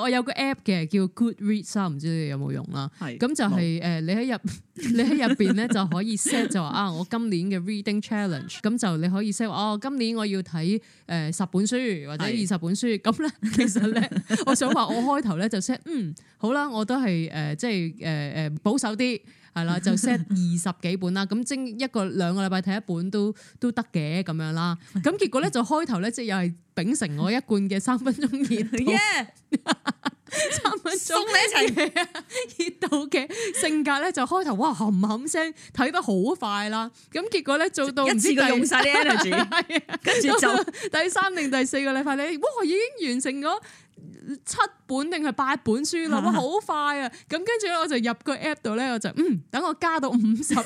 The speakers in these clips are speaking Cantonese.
我有個 app 嘅叫 GoodReads 啊，唔知你有冇用啦。咁是就係、是、誒沒、呃，你喺入你喺入邊咧就可以 set 就話啊，我今年嘅 reading challenge，咁就你可以 set 哦，今年我要睇誒、呃、十本書或者二十本書。咁咧是的 其實咧， 我想話我開頭咧就 set 嗯好啦，我都係誒即係誒誒保守啲。係啦，就 set 二十幾本啦，咁精一個兩個禮拜睇一本都都得嘅咁樣啦。咁結果咧就開頭咧即係又係秉承我一貫嘅三分鐘熱，三 Yeah! 分鐘你一齊嘅熱到嘅性格咧 就開頭，哇冚冚聲睇得好快啦。咁結果咧做到唔知一啲都用晒啲 energy 跟住就 第三定第四個禮拜咧，哇已經完成咗。七本定係八本書啦，好、啊、快啊！咁跟住咧，我就入個 app 度咧，我就嗯，等我加到五十， 加到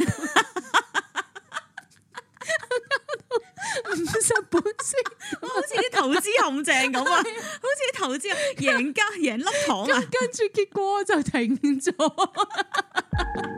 五十本書， 好似啲投資陷阱咁 啊，好似啲投資贏家贏粒糖啊，跟住結果就停咗。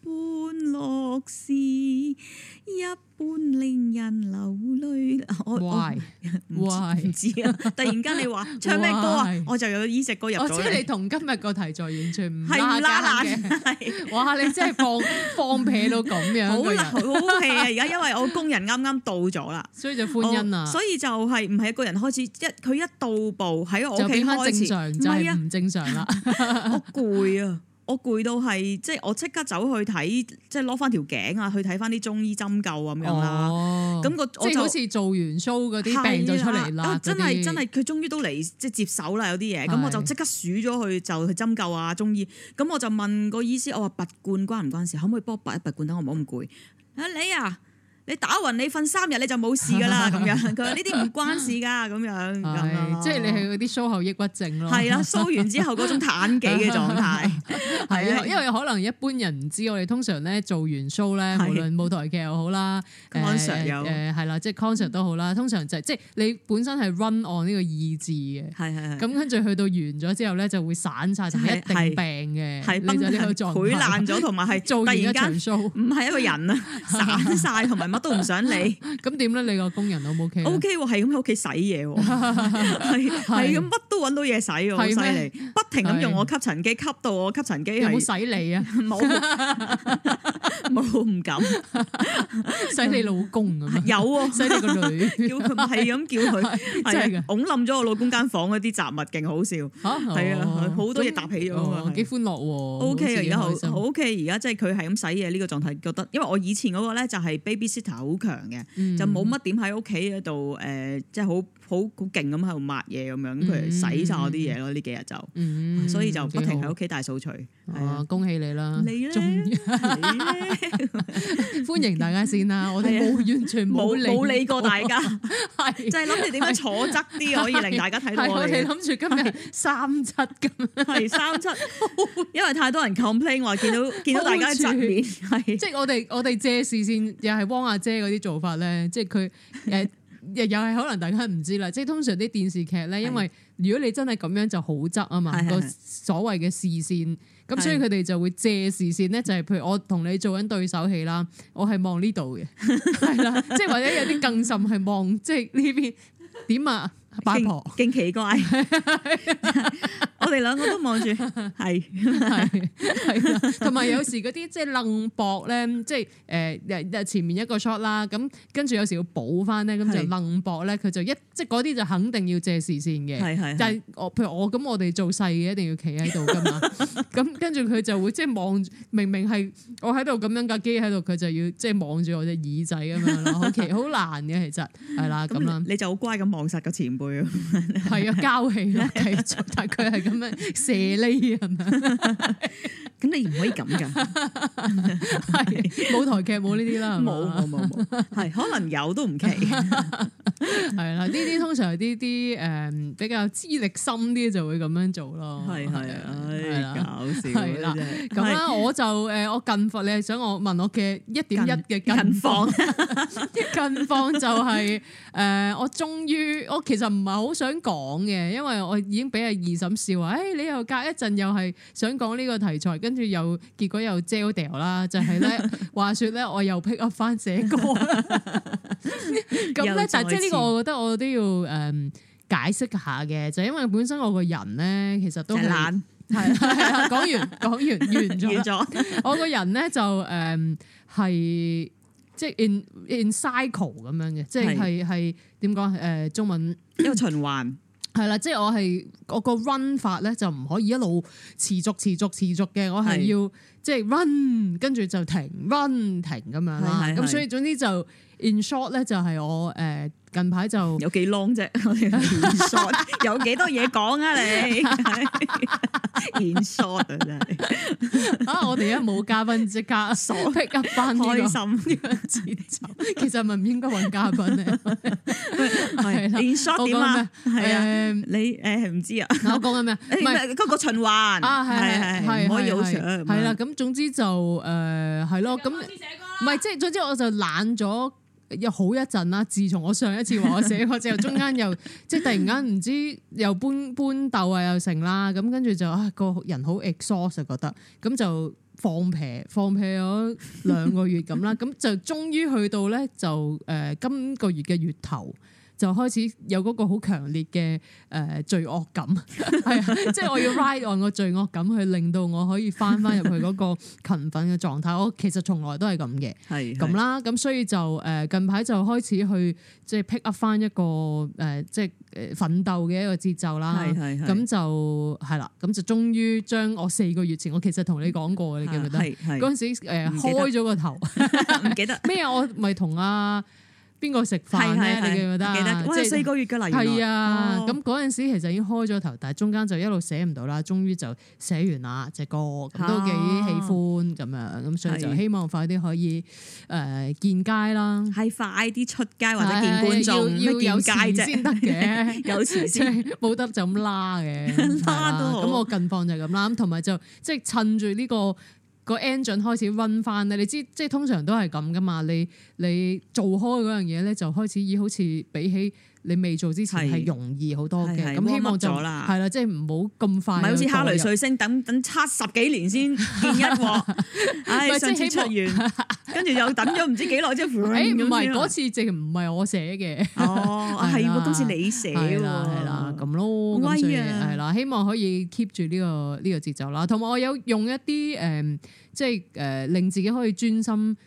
歡樂事，一般令人流淚。我我唔知啊，突然間你話唱咩歌啊，我就有呢隻歌入咗。我知你同今日個題材完全唔係拉拉嘅。哇，你真係放放屁咯咁樣。好啦，好氣啊！而家因為我工人啱啱到咗啦，所以就歡欣啊。所以就係唔係一個人開始一佢一到步喺我屋企開始，就變番正常就係唔正常啦。好攰啊！我攰到係，即係我即刻走去睇，即係攞翻條頸啊，去睇翻啲中醫針灸咁樣啦。咁個、哦、即係好似做完 show 嗰啲病咗出嚟啦的些。真係真係，佢終於都嚟即係接手啦，有啲嘢。咁是的 我就即刻鼠咗去就去針灸啊中醫。咁我就問個醫師，我話拔罐關唔關事？可唔可以幫我拔一拔罐，等我唔好咁攰啊你啊！你打暈你瞓三日，你就冇事噶啦咁樣，佢話呢啲唔關事噶咁樣。即係你係嗰啲 show 後抑鬱症咯。係啦，蘇完之後嗰種攤幾嘅狀態。係因為可能一般人唔知，我哋通常咧做完 show 咧，無論舞台劇又好啦 concert 又係啦，即係 concert 都好啦，通常就係即係你本身係 run on 呢個意志嘅。咁跟住去到完咗之後咧，就會散晒，就係一定病嘅，係崩咗、佢爛咗，同埋係突然間蘇，唔係一個人啊，散曬同埋乜？都唔想理，咁點咧？你個工人 O 唔 O K？O K 喎，係咁喺屋企洗嘢喎，係係咁乜都揾到嘢洗喎，好犀利！不停咁用我吸塵機吸到我吸塵機係洗你啊，冇冇唔敢洗你老公啊，有喎，洗你個女，叫佢係咁叫佢。即係，拱冧咗我老公間房嗰啲雜物，勁好笑吓，係啊，好多嘢搭起咗啊，幾歡樂喎，O K 啊，而家好 O K，而家即係佢係咁洗嘢呢個狀態，覺得因為我以前嗰個咧就係 baby 好強嘅，就冇乜點喺屋企嗰度，誒，即係好。好好勁咁喺度抹嘢咁樣，佢洗晒我啲嘢咯。呢幾日就，所以就不停喺屋企大掃除。哦，恭喜你啦！你咧，歡迎大家先啦。我哋冇完全冇冇理過大家，係即係諗住點樣坐側啲可以令大家睇到我哋。係諗住今日三七咁。係三七，因為太多人 complain 話見到見到大家側面即係我哋我哋借視線又係汪阿姐嗰啲做法咧，即係佢誒。又又係可能大家唔知啦，即係通常啲電視劇咧，因為如果你真係咁樣就好側啊嘛，個是的 所謂嘅視線，咁是的 所以佢哋就會借視線咧，是的 就係譬如我同你做緊對手戲啦，我係望呢度嘅，係啦， 即係或者有啲更甚係望即係呢邊點啊？八婆，勁奇怪， 我哋兩個都望住，係 係， 同埋有時嗰啲即係愣博咧，即係誒前面一個 shot 啦，咁跟住有時要補翻咧，咁就愣博咧，佢就一即係嗰啲就肯定要借視線嘅，係係，但係我譬如我咁我哋做細嘅一定要企喺度噶嘛，咁 跟住佢就會即係望，明明係我喺度咁樣架機喺度，佢就要即係望住我隻耳仔咁樣咯，好奇好難嘅其實係啦咁啦，咁你，嗯，你就好乖咁望實個前輩。係啊， 交氣咯，繼續，但佢係咁樣射呢，係咪？咁你唔可以咁噶，係舞台劇冇呢啲啦，冇冇冇冇，係可能有都唔奇，係啦，呢啲通常係呢啲誒比較資歷深啲就會咁樣做咯，係係啊，係搞笑啊真係，咁啊我就誒我近況咧，你係想我問我嘅一點一嘅近況，近況就係誒我終於，我其實唔係好想講嘅，因為我已經俾阿二嬸笑話，誒你又隔一陣又係想講呢個題材嘅。跟住又，結果又 sell 掉啦。就係咧，話說咧，我又 pick up 翻這歌。咁咧，但係即係呢個，我覺得我都要誒解釋下嘅。就係、因為本身我個人咧，其實都係懶。係係啊，講 完講完完咗。完了 我個人咧就誒、是、係、um,，即係 in in cycle 咁樣嘅，即係係係點講？誒、呃，中文一個循環。係啦，即係我係我個 run 法咧，就唔可以一路持續持續持續嘅，我係要。即係 run，跟住就停，run 停咁樣啦。咁所以總之就 in short 咧，就係我誒近排就有幾 long 啫。in short 有幾多嘢講啊？你 in short 啊真係啊！我哋而家冇嘉賓即刻 so pick up 翻呢個節奏，其實係咪唔應該揾嘉賓嘅。in short 點啊？係啊，你誒唔知啊？我講緊咩？唔係嗰個循環啊！係係係，可以好長。係啦咁。總之就誒係咯，咁唔係即係總之我就懶咗有好一陣啦。自從我上一次話我寫歌之後，中間又即係突然間唔知又搬搬斗啊又成啦，咁跟住就啊個人好 exhaust 就覺得，咁就放屁放屁咗兩個月咁啦，咁 就終於去到咧就誒、呃、今個月嘅月頭。就開始有嗰個好強烈嘅誒、呃、罪惡感，係啊，即係我要 ride、right、on 個罪惡感去令到我可以翻翻入去嗰個勤奮嘅狀態。 我其實從來都係咁嘅，係咁是是 啦。咁所以就誒近排就開始去即係 pick up 翻一個誒、呃、即係誒奮鬥嘅一個節奏啦。係咁是就係啦，咁就終於將我四個月前我其實同你講過，你記唔是、呃、記得？係係嗰陣時開咗個頭，唔 記得咩？我咪同阿。邊個食飯咧？飯的你記唔記得？我記得，哇，四個月嘅啦，原來的。係啊、哦，咁嗰陣時其實已經開咗頭，但係中間就一路寫唔到啦，終於就寫完啦隻歌，咁都幾喜歡咁、哦、樣，咁所以就希望快啲可以誒、呃、見街啦。係快啲出街或者見觀眾，要有街先得嘅， 有時先，冇得就咁拉嘅，拉都好。咁我近況就咁啦，咁同埋就即係趁住呢、這個。個 engine 開始 run 翻咧，你知即係通常都係咁噶嘛，你你做開嗰樣嘢咧就開始以好似比起。你未做之前係容易好多嘅，咁希望做就係啦，即係唔好咁快。好似《哈雷彗星》，等等七十幾年先見一鑊，唉，上次出現，跟住又等咗唔知幾耐即後，唔係嗰次，淨唔係我寫嘅，係今次你寫，係啦，咁咯，係啦，希望可以 keep 住呢個呢個節奏啦。同埋我有用一啲誒，即係誒令自己可以專心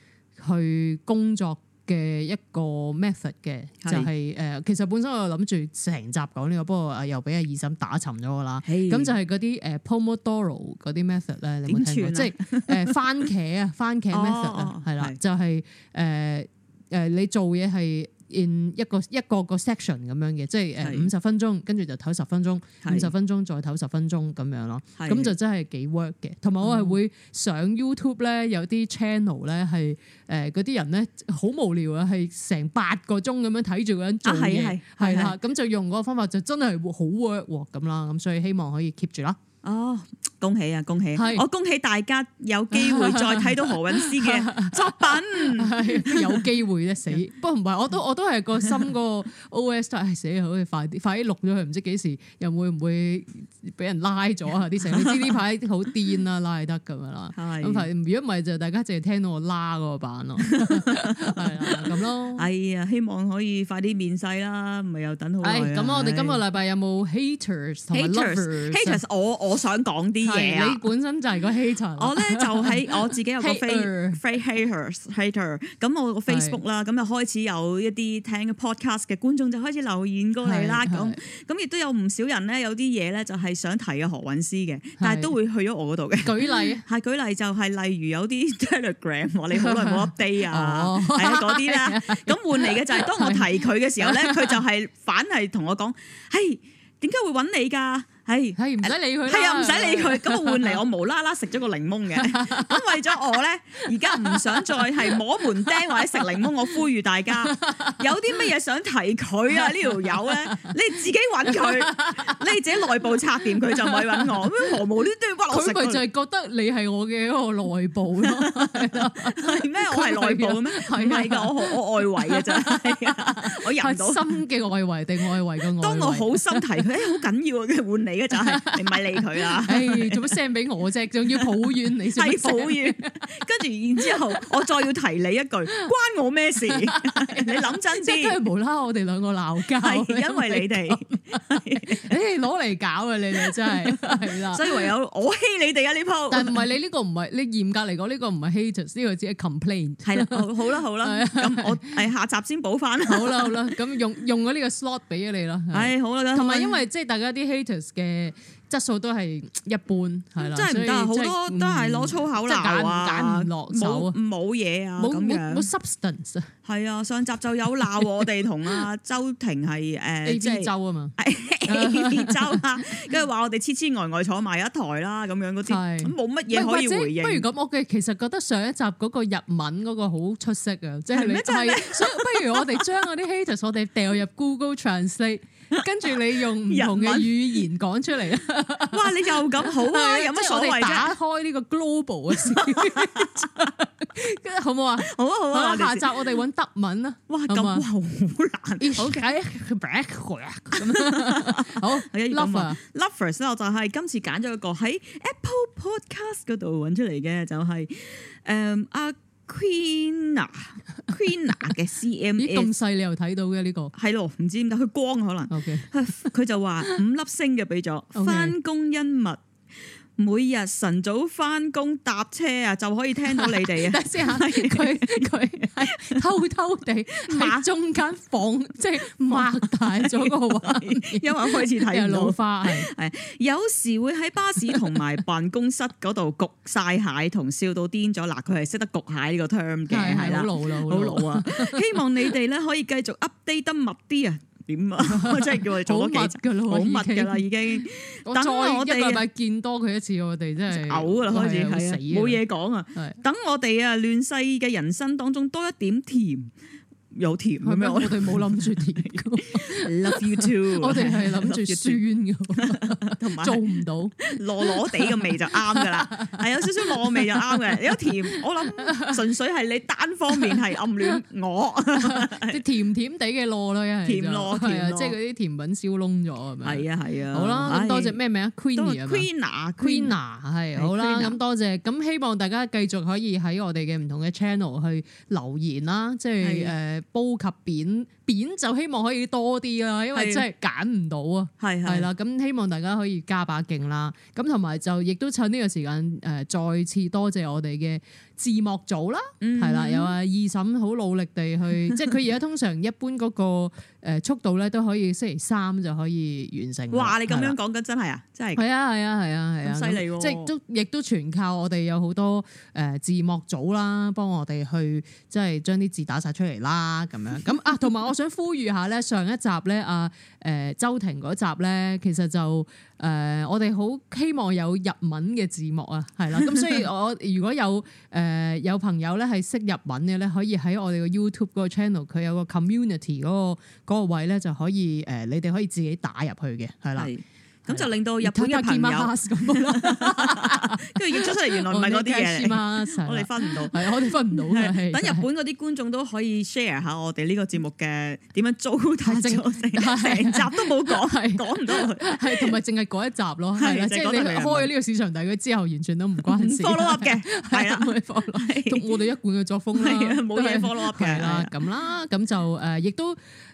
去工作。嘅一個 method 嘅就係、是、誒、呃，其實本身我諗住成集講呢、這個，不過又俾阿二嬸打沉咗噶啦。咁 Hey. 就係嗰啲誒、呃、Pomodoro 嗰啲 method 咧，你有冇聽過？ 即係誒、呃、番茄啊，番茄 method 啊，係啦，就係誒誒你做嘢係。一個一個個 section 咁樣嘅，即係誒五十分鐘，跟住就唞十分鐘，五十分鐘再唞十分鐘咁樣咯。咁就真係幾 work 嘅。同埋我係會上 YouTube 咧，有啲 channel 咧係誒嗰啲人咧好無聊啊，係成八個鐘咁樣睇住嗰人做嘢。係係啦。咁就用嗰個方法就真係好 work 喎咁啦。咁所以希望可以 keep 住啦。哦。恭喜啊，恭喜！我恭喜大家有機會再睇到何韻詩嘅作品，有機會咧死！不過唔係，我都我都係個心個 O S 都係寫好，快啲快啲錄咗佢，唔知幾時又會唔會俾人拉咗啊？啲成，你知呢排好癲啊，拉得咁樣啦。係咁，如果唔係就大家淨係聽到我拉嗰個版咯，係啊，咁咯。哎呀，希望可以快啲面世啦，唔係又等好耐。咁我哋今個禮拜有冇 haters 同埋 lovers？haters，我我想講啲。你本身就係個 hater， 我咧就喺我自己有個 face，face H ater, hater，hater 是。咁我個 Facebook 啦，咁就開始有一啲聽 podcast 嘅觀眾就開始留言過嚟啦。咁咁亦都有唔少人咧，有啲嘢咧就係想提阿何韻詩嘅，是但係都會去咗我度嘅。舉例係舉例， 舉例就係例如有啲 Telegram 話你好耐冇 update 啊，係嗰啲啦。咁 換嚟嘅就係當我提佢嘅時候咧，佢 就係反係同我講：係點解會揾你㗎？係，係唔使理佢。係啊，唔使理佢。咁我 換嚟，我無啦啦食咗個檸檬嘅。咁 為咗我咧，而家唔想再係摸門釘或者食檸檬。我呼籲大家，有啲乜嘢想提佢啊？呢個、呢條友咧，你自己揾佢，你自己內部插掂佢，就唔係揾我咁何無端端屈我食。佢就係覺得你係我嘅一個內部咯？係咩？ 我係內部咩？唔係㗎，我的我外圍嘅真係。我人心嘅外圍定外圍嘅外圍？ 當我好心提佢，好緊要啊。跟住換嚟。依個就係你唔係理佢啦，唉，做乜 send 俾我啫？仲要抱怨你先，係抱怨。跟住然之後，我再要提你一句，關我咩事？你諗真啲，無啦，我哋兩個鬧交，係因為你哋，誒，攞嚟搞啊！你哋真係係啦，所以唯有我 hate 你哋啊！呢鋪，但係唔係你呢個唔係你嚴格嚟講呢個唔係 haters，呢個只係 complaint。係啦，好啦好啦，咁我係下集先補翻。好啦好啦，咁用用咗呢個 slot 俾咗你啦。係，好啦，同埋因為即係大家啲 haters 嘅。誒，質素都係一般，係啦，即係唔得好多，都係攞粗口鬧啊，揀唔落手，冇冇嘢啊，冇冇 substance。係啊，上集就有鬧我哋同阿周庭係誒，A 周啊嘛，A 周啊，跟住話我哋痴痴呆呆坐埋一台啦，咁樣嗰啲，冇乜嘢可以回應。不如咁，我嘅其實覺得上一集嗰個日文嗰個好出色啊，即係咩？即係不如我哋將嗰啲 haters 我哋掉入 Google Translate。跟住你用唔同嘅語言講出嚟啊！文 哇，你又咁好啊，有乜所謂啫？打開呢個 global 嘅事，跟住 好唔好，好啊？好啊，好啊！下集我哋揾德文啊。哇，咁哇好，好難。Okay，black 咁啊，好。 Lover，Lovers 咧，啊，我就係今次揀咗一個喺 Apple Podcast 嗰度揾出嚟嘅，就係誒阿。嗯啊 Queen 啊，Queen 啊嘅 CMA，咁細你又睇到嘅呢個，係咯，唔知點解佢光可能，佢 Okay. 就話五粒星嘅俾咗，翻工恩物。每日晨早返工搭車啊，就可以聽到你哋啊！ 但係佢佢係偷偷地抹中間縫，即係擘大咗個位， 因為開始睇唔到老花。係有時會喺巴士同埋辦公室嗰度焗晒蟹，同笑到癲咗。嗱，佢係識得焗蟹呢個 term 嘅，係啦對，好對老啦，好老啊！ 希望你哋咧可以繼續 update 得密啲啊！點啊！即係 叫我哋做咗幾集噶咯，好密噶啦已經。已經等我哋一禮拜見多佢一次，我哋真係嘔噶啦，開始是是死，冇嘢講啊！是等我哋啊，亂世嘅人生當中多一點甜。有甜咩？我哋冇諗住甜 Love you too。我哋係諗住酸嘅，同埋做唔到，糯糯地嘅味就啱噶啦。係有少少糯味就啱嘅。有甜，我諗純粹係你單方面係暗戀我，甜甜地嘅糯咯，甜糯，係啊，即係嗰啲甜品燒燶咗係咪？係啊係啊。好啦，咁多謝咩名啊？Queen 啊，Queen 啊，Queen 啊，係，好啦，咁多謝。咁希望大家繼續可以喺我哋嘅唔同嘅 channel 去留言啦，即係誒。煲及扁扁就希望可以多啲啦，因為真係揀唔到啊，係係啦，咁希望大家可以加把勁啦，咁同埋就亦都趁呢個時間誒，再次多謝我哋嘅字幕組啦，係啦，有啊二嬸好努力地去， 即係佢而家通常一般嗰個速度咧都可以星期三就可以完成。哇！你咁樣講緊真係啊，真係。係啊係啊係啊係啊，犀利喎！即係都亦都全靠我哋有好多誒字幕組啦，幫我哋去即係將啲字打晒出嚟啦咁樣。咁啊，同埋我想呼籲下咧，上一集咧啊誒周庭嗰集咧，其實就～誒、呃，我哋好希望有日文嘅字幕啊，係啦，咁所以我如果有誒、呃、有朋友咧係識日文嘅咧，可以喺我哋嘅 YouTube 個 channel，佢有個 community 嗰、嗰個嗰個位咧就可以誒、呃，你哋可以自己打入去嘅，係啦。咁就令到日本嘅朋友，跟住演咗出嚟，原來唔係嗰啲嘢，我哋分唔到，係我哋分唔到嘅。等日本嗰啲觀眾都可以 share 下我哋呢個節目嘅點樣糟蹋咗成集都冇講，講唔到，係同埋淨係嗰一集咯。係啦，即係你開咗呢個市場第一之後，完全都唔關事。嘅，係啦，我哋一貫嘅作風啦，冇嘢 follow up 嘅啦，咁啦，咁就誒、啊，亦都。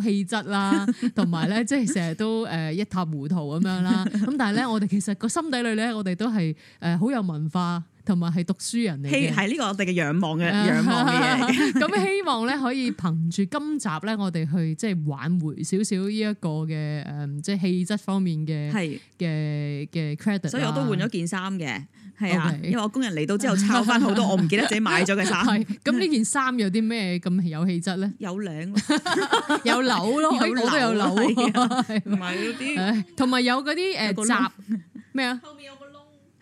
氣質啦，同埋咧，即係成日都誒一塌糊塗咁樣啦。咁但係咧，我哋其實個心底裏咧，我哋都係誒好有文化，同埋係讀書人嚟嘅。喺呢 個我哋嘅仰望嘅仰望嘅。咁希望咧可以憑住今集咧，我哋去即係挽回少少呢一個嘅誒，即係氣質方面嘅嘅嘅 credit。所以我都換咗件衫嘅。係啊，Okay. 因為我工人嚟到之後抄翻好多我唔記得自己買咗嘅衫。咁呢 件衫有啲咩咁有氣質咧？ 有領，有紐咯， 有嗰度咯有紐，同埋有嗰啲誒雜咩啊？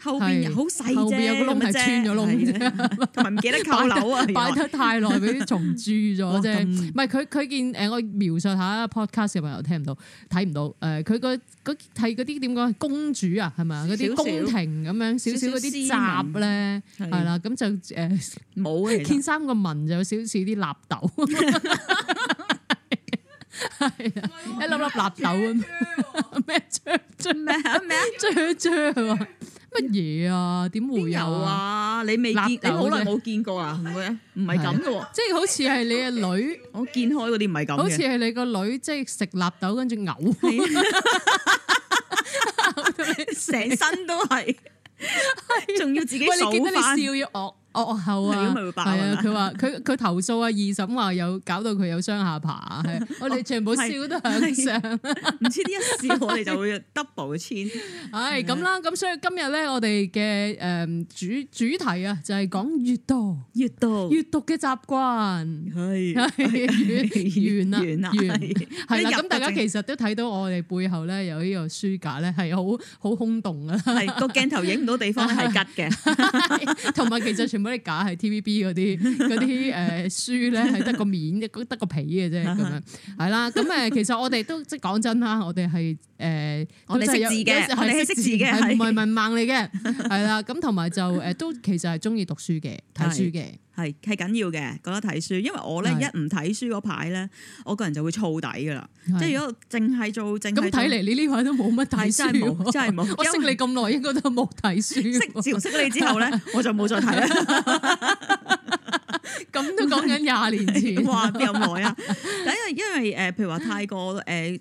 後邊好細啫，後邊有個窿係穿咗窿，同埋唔記得扣樓啊，擺得太耐俾啲蟲蛀咗啫。唔係佢佢見誒，我描述下 podcast 嘅朋友聽唔到，睇唔到誒。佢個嗰啲點講公主啊，係咪啊？嗰啲宮廷咁樣少少嗰啲鴨咧，係啦。咁就誒冇見三個紋，就有少少啲納豆，一粒粒納豆咁，咩雀雀咩雀雀。乜嘢啊？點會有，有啊？你未見你好耐冇見過啊？唔係唔係咁嘅，即係、就是、好似係你嘅女。 我見開嗰啲唔係咁好似係你個女，即係食納豆跟住嘔，成 身都係，仲 要自己 喂你見到你笑手翻。 哦後啊，係啊，佢話佢佢投訴啊，二嬸話有搞到佢有雙下巴，係我哋全部笑都向上，唔知似啲事我哋就會 double 錢，係咁啦，咁所以今日咧我哋嘅誒主主題啊就係講閱讀，閱讀閱讀嘅習慣，係完啦，完係啦，咁大家其實都睇到我哋背後咧有呢個書架咧係好好空洞啊，係個鏡頭影唔到地方係吉嘅，同埋其實全部。如果你假係 TVB 嗰啲嗰啲誒書咧，係得個面，得得個皮嘅啫咁樣，係啦。咁誒，其實我哋都即係講真啦，我哋係誒，呃、我哋識字嘅，我哋係識字嘅，係唔係文盲嚟嘅？係啦。 咁同埋就誒，都其實係中意讀書嘅，睇 書嘅。係係緊要嘅，覺得睇書，因為我咧是一唔睇書嗰排咧，我個人就會燥底㗎喇。是即係如果淨係做，正係咁睇嚟，你呢排都冇乜睇書，真係冇。為我識你咁耐，應該都冇睇書啊。識自從識你之後咧，我就冇再睇啦。咁都講緊廿年前，哇！冇咁耐啊！咁 因為因為誒，譬如話太過誒。呃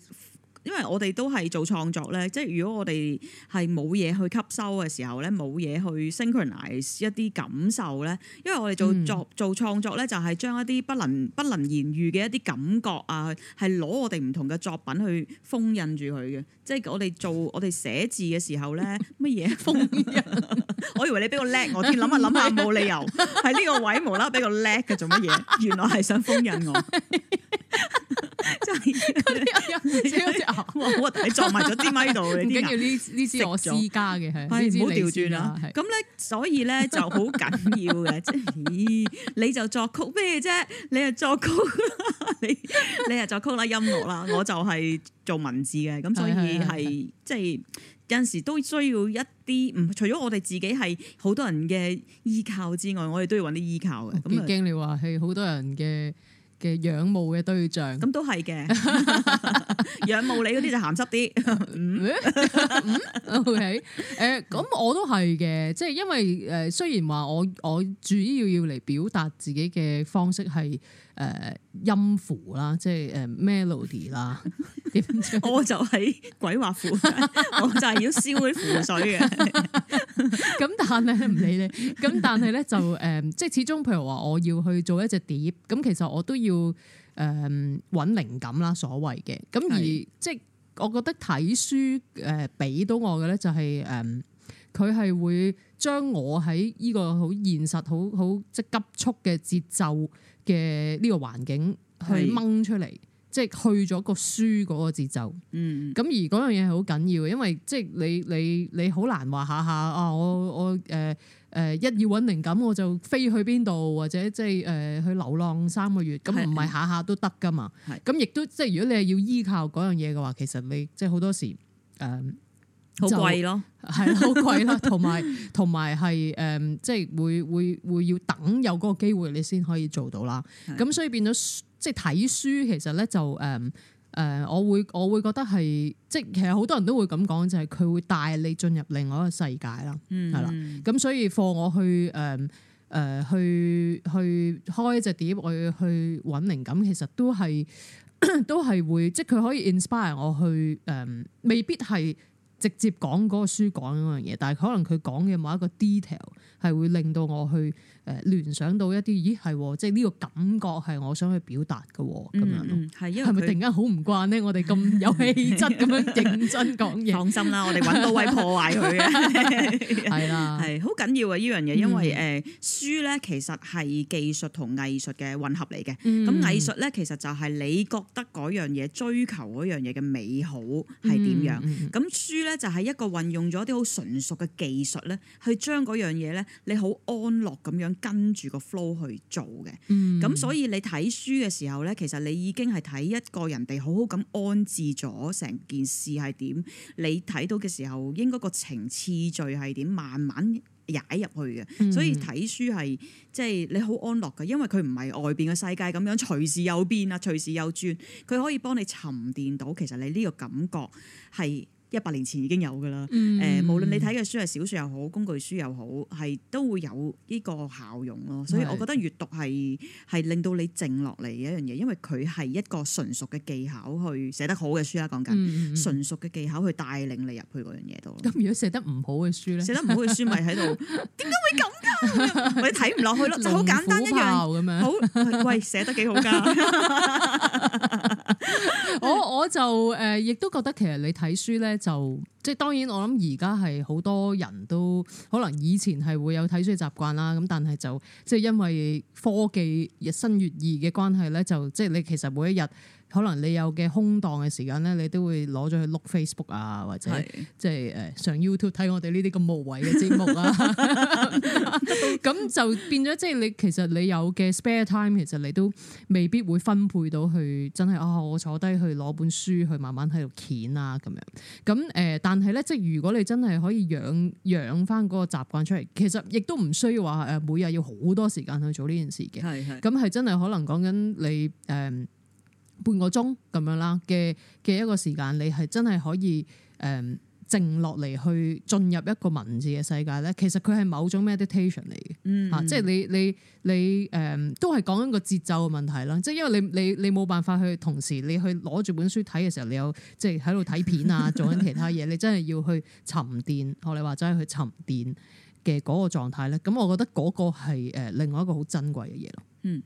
因為我哋都係做創作咧，即係如果我哋係冇嘢去吸收嘅時候咧，冇嘢去 synchronize 一啲感受咧。因為我哋做作做創作咧，就係將一啲不能不能言喻嘅一啲感覺啊，係攞我哋唔同嘅作品去封印住佢嘅。即係我哋做我哋寫字嘅時候咧，乜嘢封印？ 我以為你比較叻，我諗下諗下冇理由喺呢個位無啦啦比較叻嘅，做乜嘢？原來係想封印我。真係。哇！你撞埋咗啲咪度，跟住呢呢啲我私家嘅係，唔好調轉啦。咁咧，的所以咧就好緊要嘅。咦、 即係？你就作曲咩啫？你係作曲， 你你係作曲啦，音樂啦。我就係做文字嘅，咁 所以係即係有陣時都需要一啲唔除咗我哋自己係好多人嘅依靠之外，我哋都要揾啲依靠嘅。咁驚你話係好多人嘅。誒仰慕嘅對象，咁都係嘅， 仰慕你嗰啲就鹹濕啲。 嗯，OK，誒、呃，咁我都係嘅，即係因為誒，雖然話我我主要要嚟表達自己嘅方式係。誒，音符啦，即係誒 melody 啦， 我就係鬼畫符， 我就係要燒啲符水嘅。咁但係唔理你，咁但係咧就誒，即係始終譬如話我要去做一隻碟，咁其實我都要誒搵靈感啦，所謂嘅。咁而即係我覺得睇書誒、就是，俾到我嘅咧就係誒，佢係會將我喺呢個好現實好好即係急速嘅節奏。嘅呢個環境去掹出嚟，是即係去咗個書嗰個節奏。嗯，咁而嗰樣嘢係好緊要嘅，因為即係你你你好難話下下啊、哦！我我誒誒、呃、一要揾靈感我就飛去邊度，或者即係誒去流浪三個月，咁唔係下下都得噶嘛。係咁是，亦都即係如果你係要依靠嗰樣嘢嘅話，其實你即係好多時誒。呃好貴咯， 係啦，好貴啦，同埋同埋係誒，即、嗯、係、就是、會會會要等有嗰個機會，你先可以做到啦。咁的所以變咗，即係睇書其實咧就誒誒、嗯呃，我會我會覺得係，即、就、係、是、其實好多人都會咁講，就係、是、佢會帶你進入另外一個世界啦、嗯。嗯，係、呃、啦。咁所以放我去誒誒去去開隻碟，我要去搵靈感，其實都係都係會，即係佢可以 inspire 我去誒、嗯，未必係。直接講嗰個書講嗰樣嘢，但係可能佢講嘅某一個 detail 係會令到我去。誒聯想到一啲，咦係、哦，即係呢個感覺係我想去表達嘅，咁、嗯、樣咯。係因為係咪突然間好唔慣呢，我哋咁有氣質咁樣認真講嘢。 放心啦，我哋揾到位破壞佢嘅。係 啦，係好緊要啊！呢樣嘢，因為誒、嗯、書咧，其實係技術同藝術嘅混合嚟嘅。咁、嗯、藝術咧，其實就係你覺得嗰樣嘢追求嗰樣嘢嘅美好係點樣。咁、嗯、書咧就係、是、一個運用咗啲好純熟嘅技術咧，去將嗰樣嘢咧，你好安樂咁樣。跟住個 flow 去做嘅。咁、嗯、所以你睇書嘅時候咧，其實你已經係睇一個人哋好好咁安置咗成件事係點，你睇到嘅時候應該個情次序係點慢慢踩入去嘅，所以睇書係即係你好安樂嘅，因為佢唔係外邊嘅世界咁樣隨時有變啊，隨時有轉，佢可以幫你沉澱到其實你呢個感覺係。一百年前已經有㗎喇，誒、嗯，無論你睇嘅書係小説又好，工具書又好，係都會有呢個效用咯。所以我覺得閱讀係係令到你靜落嚟嘅一樣嘢，因為佢係一個純熟嘅技巧去寫得好嘅書啦。講緊純熟嘅技巧去帶領你入去嗰樣嘢度。咁、嗯嗯、如果寫得唔好嘅書咧？寫得唔好嘅書咪喺度點解會咁㗎？你睇唔落去咯， 就好簡單一樣咁樣。好，喂，寫得幾好㗎？ 我我就誒，亦、呃、都覺得其實你睇書咧就。即係當然，我諗而家係好多人都可能以前係會有睇書嘅習慣啦。咁但係就即係因為科技日新月異嘅關係咧，就即係你其實每一日可能你有嘅空檔嘅時間咧，你都會攞咗去碌 Facebook 啊，或者是即係誒、呃、上 YouTube 睇我哋呢啲咁無謂嘅節目啊，咁 就變咗即係你其實你有嘅 spare time 其實你都未必會分配到去真係啊、哦！我坐低去攞本書去慢慢喺度鉛啊咁樣咁誒。但但係咧，即係如果你真係可以養養翻嗰個習慣出嚟，其實亦都唔需要話誒，每日要好多時間去做呢件事嘅。係係，咁係真係可能講緊你誒、呃、半個鐘咁樣啦嘅嘅一個時間，你係真係可以誒。呃靜落嚟去進入一個文字嘅世界咧，其實佢係某種 meditation 嚟嘅、mm hmm. 啊，即係你你你誒、呃、都係講緊個節奏嘅問題啦。即係因為你你你冇辦法去同時你去攞住本書睇嘅時候，你有即係喺度睇片啊，做緊其他嘢， 你真係要去沉澱。學你話齋去沉澱嘅嗰個狀態咧，咁我覺得嗰個係誒另外一個好珍貴嘅嘢咯。Mm hmm.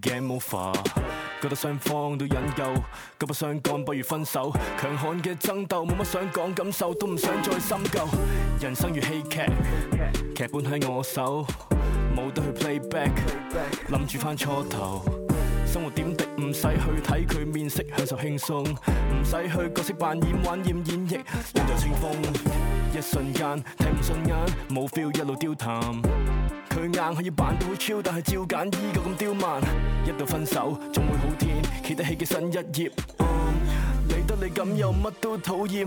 Game over，覺得雙方都引誘，各不相干不如分手。強悍嘅爭鬥冇乜想講感受，都唔想再深究。人生如戲劇，劇本喺我手，冇得去 play back，諗住翻初頭。生活點滴唔使去睇佢面色，享受輕鬆，唔使去角色扮演玩厭演繹，人在清風。一瞬間睇唔順眼，冇 feel 一路丟淡。佢硬係要扮到超，但係照揀依舊咁刁蠻。一到分手，總會好天。企得起嘅新一頁。理得你咁又乜都討厭。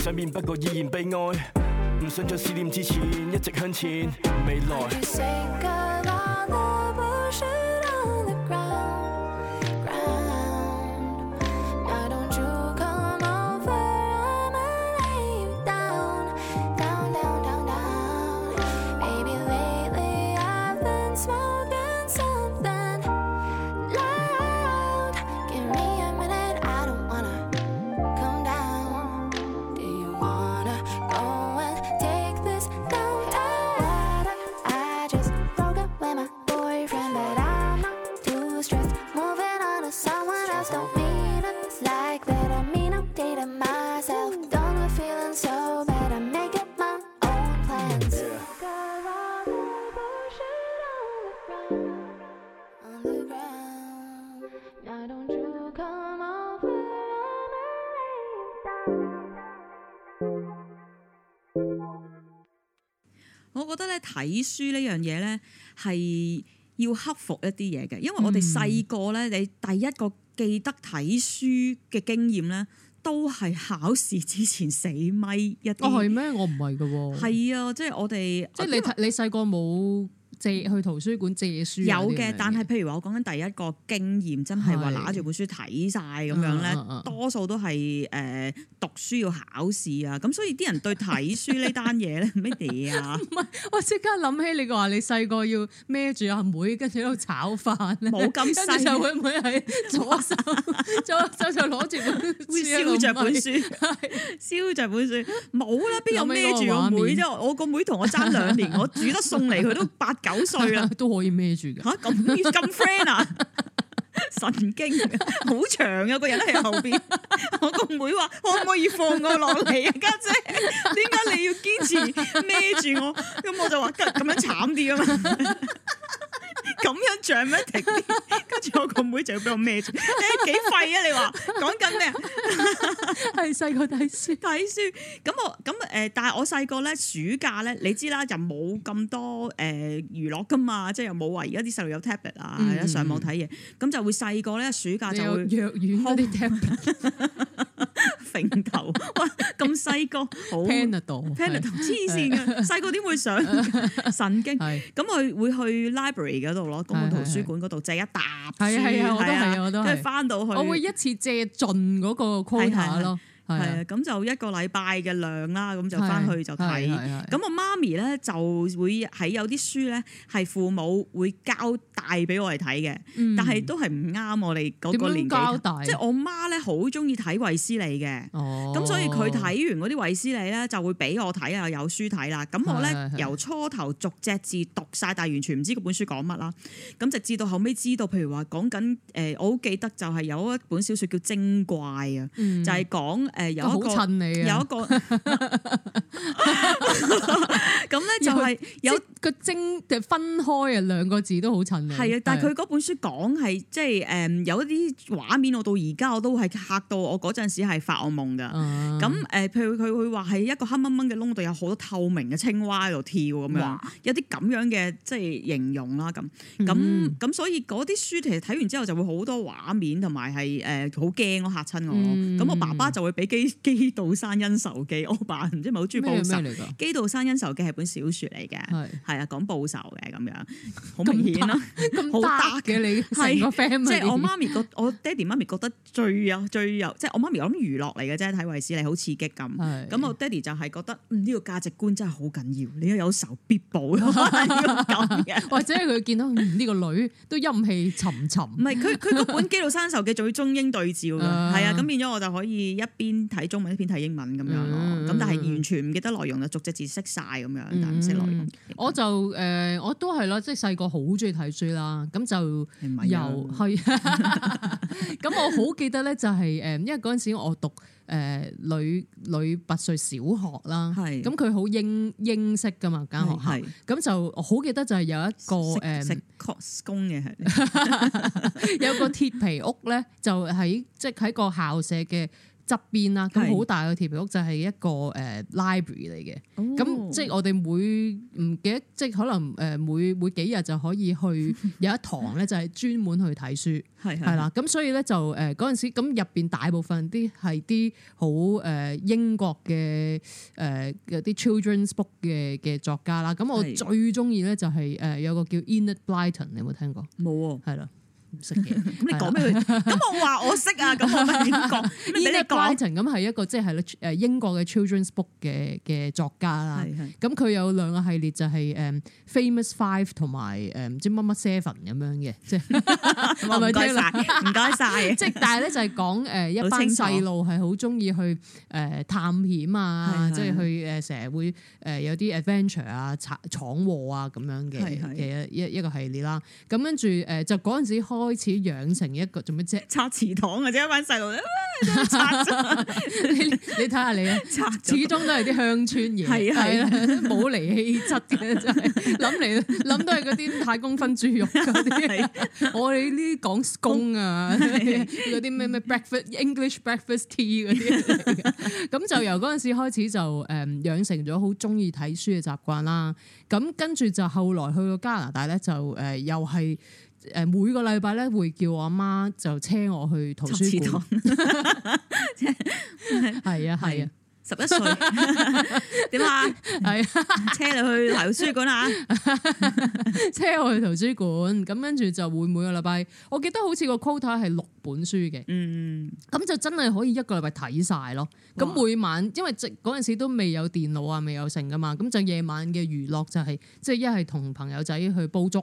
想變不過依然悲哀，唔想再思念之前一直向前未來。 睇書呢樣嘢咧，係要克服一啲嘢嘅，因為我哋細個咧，嗯、你第一個記得睇書嘅經驗咧，都係考試之前死咪一。哦，係咩？我唔係㗎喎。係啊，就是、即係我哋。即係因為你睇，你細個冇。借去圖書館借書有嘅，但係譬如話我講緊第一個經驗，真係話拿住本書睇晒咁樣咧，多數都係誒讀書要考試啊，咁所以啲人對睇書呢單嘢咧咩嘢啊？唔係，我即刻諗起你話你細個要孭住阿妹，跟住喺度炒飯，冇咁細，跟住就會唔會喺左手左手就攞住本書燒着本書，燒着本書冇啦，邊有孭住阿妹啫？我個妹同我爭兩年，我煮得餸嚟佢都八九歲啦，啊，都可以孭住嘅。吓咁咁 friend 啊， 神經，好長啊，個人喺後邊。我個妹話可唔可以放我落嚟？啊，家姐，姐？點解你要堅持孭住我？咁 我就話得，咁樣慘啲啊嘛。 咁樣着咩？跟住我個妹就要俾我孭住，誒，幾廢啊！你話講緊咩？係細個睇書睇書。咁我咁誒，但係我細個咧暑假咧，你知啦，又冇咁多誒娛樂噶嘛，即係又冇話而家啲細路有 tablet 啊，係啊，上網睇嘢，咁就會細個咧暑假就會虐軟嗰啲 tablet，揈頭哇！咁細個好 penal，penal，黐線噶，細個點會上神經？咁佢會去 library 嗰度。公共圖書館嗰度的借一沓書，跟住翻到去，我會一次借盡嗰個 quota 咯。係啊，咁就一個禮拜嘅量啦，咁就翻去就睇。咁我媽咪咧就會喺有啲書咧係父母會交帶俾我哋睇嘅，嗯、但係都係唔啱我哋嗰個年代。點樣交帶？即係我媽咧好中意睇《衛斯理》嘅，哦，咁所以佢睇完嗰啲《衛斯理》咧就會俾我睇啊，有書睇啦。咁我咧由初頭逐隻字讀晒，但係完全唔知嗰本書講乜啦。咁直至到後尾知道，譬如話講緊誒，我好記得就係有一本小説叫《精怪》啊，就係、是、講。嗯誒，有一個，有一個，咁咧就係有個精就分開啊，兩個字都好襯你。係啊，但係佢嗰本書講係即係誒，有一啲畫面，我到而家我都係嚇到，我嗰陣時係發惡夢噶。咁誒，譬如佢會話係一個黑掹掹嘅窿度，有好多透明嘅青蛙喺度跳咁樣，有啲咁樣嘅即係形容啦。咁咁咁，所以嗰啲書其實睇完之後就會好多畫面同埋係誒好驚咯，嚇親我。咁我爸爸就會俾。基基道山恩仇記，我爸唔知係咪好中意報仇？麼基道山恩仇記係本小說嚟嘅，係啊是，講報仇嘅咁樣，好明顯咯，咁搭嘅你係即係我媽咪覺，我我爹哋媽咪覺得最有最有，即係我媽咪諗娛樂嚟嘅啫，睇衛視你好刺激咁。咁是我爹哋就係覺得呢、嗯這個價值觀真係好緊要，你要有，有仇必報咁嘅，要 或者佢見到呢、嗯這個女都陰氣沉沉。唔係，佢佢嗰本基道山仇記仲要中英對照嘅，係 啊。咁變咗我就可以一邊睇中文一篇，睇英文咁樣咯。咁但係完全唔記得內容，就逐隻字識晒咁樣，但唔識內容 。我就誒、呃，我都係啦，即係細個好中意睇書啦。咁就又係咁，我好記得咧，就係、是、誒，因為嗰陣時我讀誒、呃、女女拔萃小學啦。係咁是，佢好、嗯、英英式噶嘛間學校。咁是就好記得就係有一個誒，cos 工嘅， 有個鐵皮屋咧，就喺即係喺個校舍嘅。側邊啦，咁好大嘅鐵皮屋就係一個誒 library 嚟嘅，咁、oh. 即係我哋每唔記得，即係可能誒每每幾日就可以去 有一堂咧，就係專門去睇書，係係啦。咁的所以咧就誒嗰陣時，咁入邊大部分啲係啲好誒英國嘅誒啲、呃、children's book 嘅嘅作家啦。咁我最中意咧就係、是、誒的有個叫 Enid Blyton，你有冇聽過？冇有，係啦。唔識嘅，咁 你講咩？佢，咁 我樂話我識啊，咁我咪點講呢個 g e 咁係一個即係誒英國嘅 children's book 嘅嘅作家啦，咁佢是是 有兩個系列就係誒 Famous Five 同埋誒唔知乜乜 seven 咁樣嘅，即係唔該曬，唔該晒。即係、嗯、 但係咧就係講誒一班細路係好中意去誒探險啊，即係去誒成日會誒有啲 adventure 啊、闖禍啊咁樣嘅嘅一一個系列啦。咁跟住誒就陣時。開始養成一個做咩啫？拆祠堂啊！即係一班細路咧，你睇下你啊，始終拆始終都係啲鄉村嘢，係啊的，冇離氣質嘅真係諗嚟諗都係嗰啲太公分豬肉嗰啲。的 我哋呢講公啊，嗰啲咩咩 breakfast English breakfast tea 嗰啲。咁 就由嗰陣時開始就誒養成咗好中意睇書嘅習慣啦。咁跟住就後來去到加拿大咧就誒又係。誒，每個禮拜咧會叫我阿媽就車我去圖書館，係啊係啊，十一歲點啊，係啊，車你去圖書館啊，車 我去圖書館，咁跟住就會每個禮拜，我記得好似個 quota 係六本書嘅，嗯，咁就真係可以一個禮拜睇晒咯。咁哇每晚因為嗰陣時都未有電腦啊，未有成噶嘛，咁就夜晚嘅娛樂就係即係一係同朋友仔去煲粥。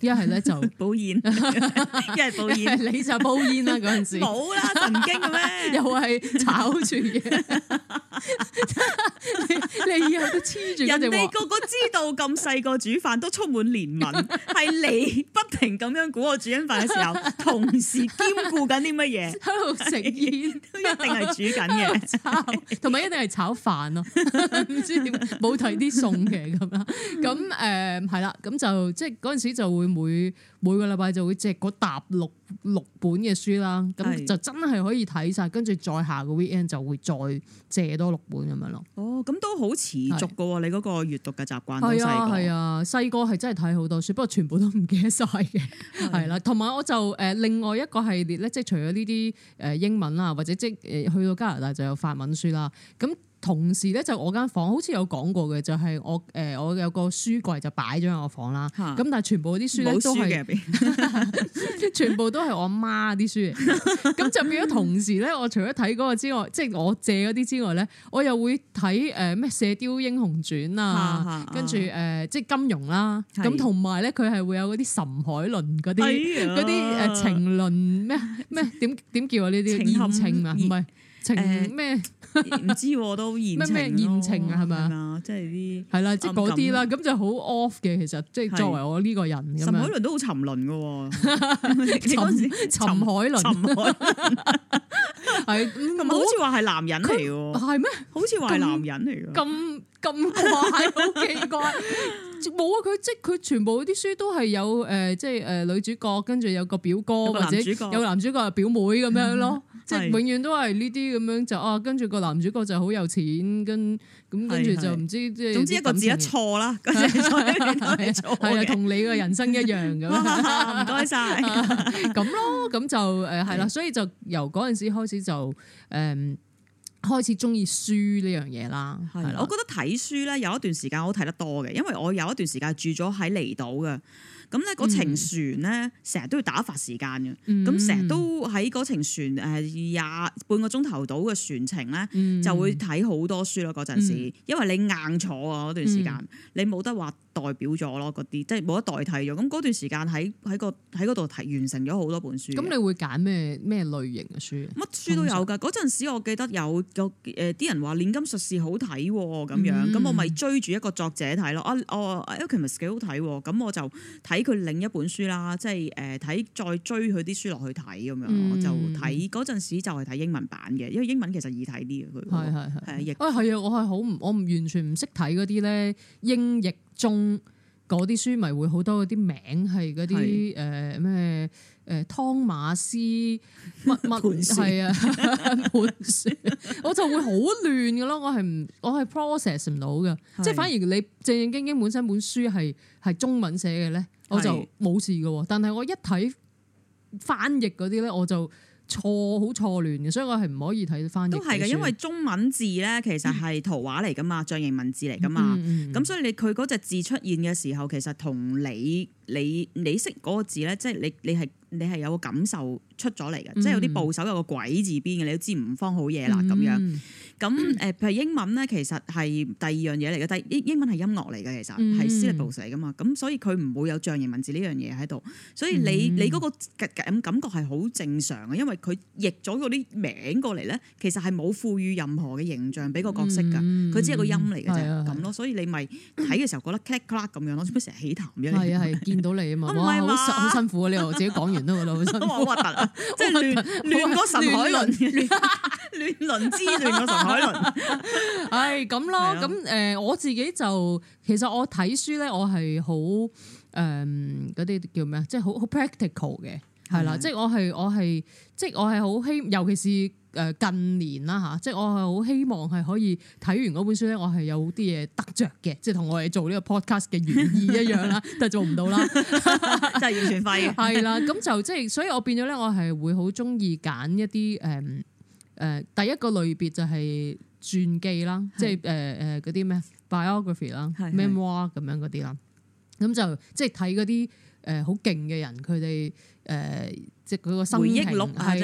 一係咧就煲煙，一係煲煙，煙，你就煲煙啦嗰陣時。冇啦，神經嘅咩？又係炒住嘅， 你以後都黐住。人哋個個知道咁細個煮飯都充滿憐憫，係 你不停咁樣估我煮緊飯嘅時候， 同時兼顧緊啲乜嘢？喺度食煙都一定係煮緊嘅，同埋 一定係炒飯咯，唔 知點冇睇啲餸嘅咁啦。咁誒係啦，咁就即係嗰陣時就會。每每個禮拜就會借嗰沓六六本嘅書啦，咁是的 就真係可以睇晒，跟住再下個 weekend 就會再借多六本咁樣咯。哦，咁都好持續噶是的 你嗰個閱讀嘅習慣係啊係啊，細個係真係睇好多書，不過全部都唔記得晒嘅。係啦是的， 同埋我就誒另外一個系列咧，即係除咗呢啲誒英文啦，或者即去到加拿大就有法文書啦，咁。同時咧，就是、我間房好似有講過嘅，就係我誒我有個書櫃就擺咗喺我房啦。咁、啊、但係全部啲書咧都係是 全部都係我阿媽啲書。咁就變咗同時咧，我除咗睇嗰個之外，即係我借嗰啲之外咧，我又會睇誒咩《射雕英雄傳啊啊》啊，跟住誒、呃、即係金庸啦、啊。咁同埋咧，佢係會有嗰啲岑海倫嗰啲嗰啲誒情論咩咩點點叫啊？呢啲言情啊，唔係情咩？呃唔知都言情咩咩言情啊，係咪啊？即係啲係啦，即係嗰啲啦，咁就，是、就好 off 嘅。其實即係作為我呢個人咁岑凱倫都沉好沉淪噶，岑岑凱倫，岑凱。係好似話係男人嚟？係咩？好似話係男人嚟噶？咁咁怪，好奇怪。冇啊！佢即係佢全部啲書都係有誒，即係誒女主角，跟住有個表哥個或者有男主角係表妹咁樣咯。是即係永遠都係呢啲咁樣就啊，跟住個男主角就好有錢，跟咁跟住就唔知是是即係。總之一個字一錯啦，係啊， 同你嘅人生一樣咁。唔該晒，咁、 啊、咯，咁就誒係啦。啊、是所以就由嗰陣時開始就誒、嗯、開始中意書呢樣嘢啦。係的我覺得睇書咧有一段時間我睇得多嘅，因為我有一段時間住咗喺離島嘅。咁咧，嗰程船咧，成日都要打發時間嘅。咁成日都喺嗰程船誒，廿半個鐘頭到嘅船程咧， 就會睇好多書咯。嗰陣時，因為你硬坐啊，嗰段時間，你冇得話代表咗咯，嗰啲即係冇得代替咗。咁嗰段時間喺喺個喺嗰度完成咗好多本書。咁你會揀咩咩類型嘅書？乜書都有㗎。嗰陣時我記得有有啲人話《煉金術士》好睇喎，咁樣，咁 我咪追住一個作者睇咯。啊，我、啊、啊啊、《Alchemist》好睇，咁我就睇。睇佢另一本書啦，即係誒，睇再追佢啲書落去睇咁樣，我、嗯、就睇嗰陣時就係睇英文版嘅，因為英文其實易睇啲嘅佢。係係係。啊係是我係好唔我唔完全唔識睇嗰啲咧英譯中嗰啲書，咪會好多嗰啲名係嗰啲誒咩誒湯馬斯乜乜係啊， 本書我就會好亂嘅咯，我係唔我係 process 唔到嘅，即係的反而你正正經經本身本書係係中文寫嘅咧。我就冇事嘅，但係我一睇翻譯嗰啲咧，我就錯好錯亂嘅，所以我係唔可以睇翻譯。都係嘅，因為中文字咧，其實係圖畫嚟噶嘛，嗯、象形文字嚟噶嘛，咁、嗯嗯、所以你佢嗰隻字出現嘅時候，其實同你你你識嗰個字咧，即係你你係你係有個感受出咗嚟嘅，嗯嗯即係有啲部首有個鬼字邊嘅，你都知唔方好嘢啦咁、嗯、樣。咁誒，譬如英文咧，其實係第二樣嘢嚟嘅。但係英英文係音樂嚟嘅，其實係 syllable 嚟噶嘛。咁所以佢唔會有象形文字呢樣嘢喺度。所以你你嗰個感感覺係好正常嘅，因為佢譯咗嗰啲名過嚟咧，其實係冇賦予任何嘅形象俾個角色㗎。佢只係個音嚟嘅啫，咁咯。所以你咪睇嘅時候覺得 click clack 咁樣咯，做咩成日起痰嘅？係啊，見到你啊嘛。唔係嘛，好辛苦啊！你自己講完都覺得好辛苦，好核突啊！即係亂亂個神海輪，亂輪之亂嗰陣。唉、 哎，咁啦，咁誒了、嗯，我自己就其實我睇書咧、嗯就是的，我係好誒，嗰啲叫咩啊？即係好好 practical 嘅，係啦，即係我係我係即係我係好希望，尤其是誒近年啦吓，即係我係好希望係可以睇完嗰本書咧，我係有啲嘢得着嘅，即係同我哋做呢個 podcast 嘅原意一樣啦， 但係做唔到啦，即係 完全廢，係啦。 咁就即係，所以我變咗咧，我係會好中意揀一啲誒。嗯誒、呃、第一個類別就係傳記啦，是即係誒、呃、誒嗰啲咩 Biography 啦、的 Memoir 咁樣嗰啲啦，咁就即係睇嗰啲誒好勁嘅人佢哋誒即係佢個心意係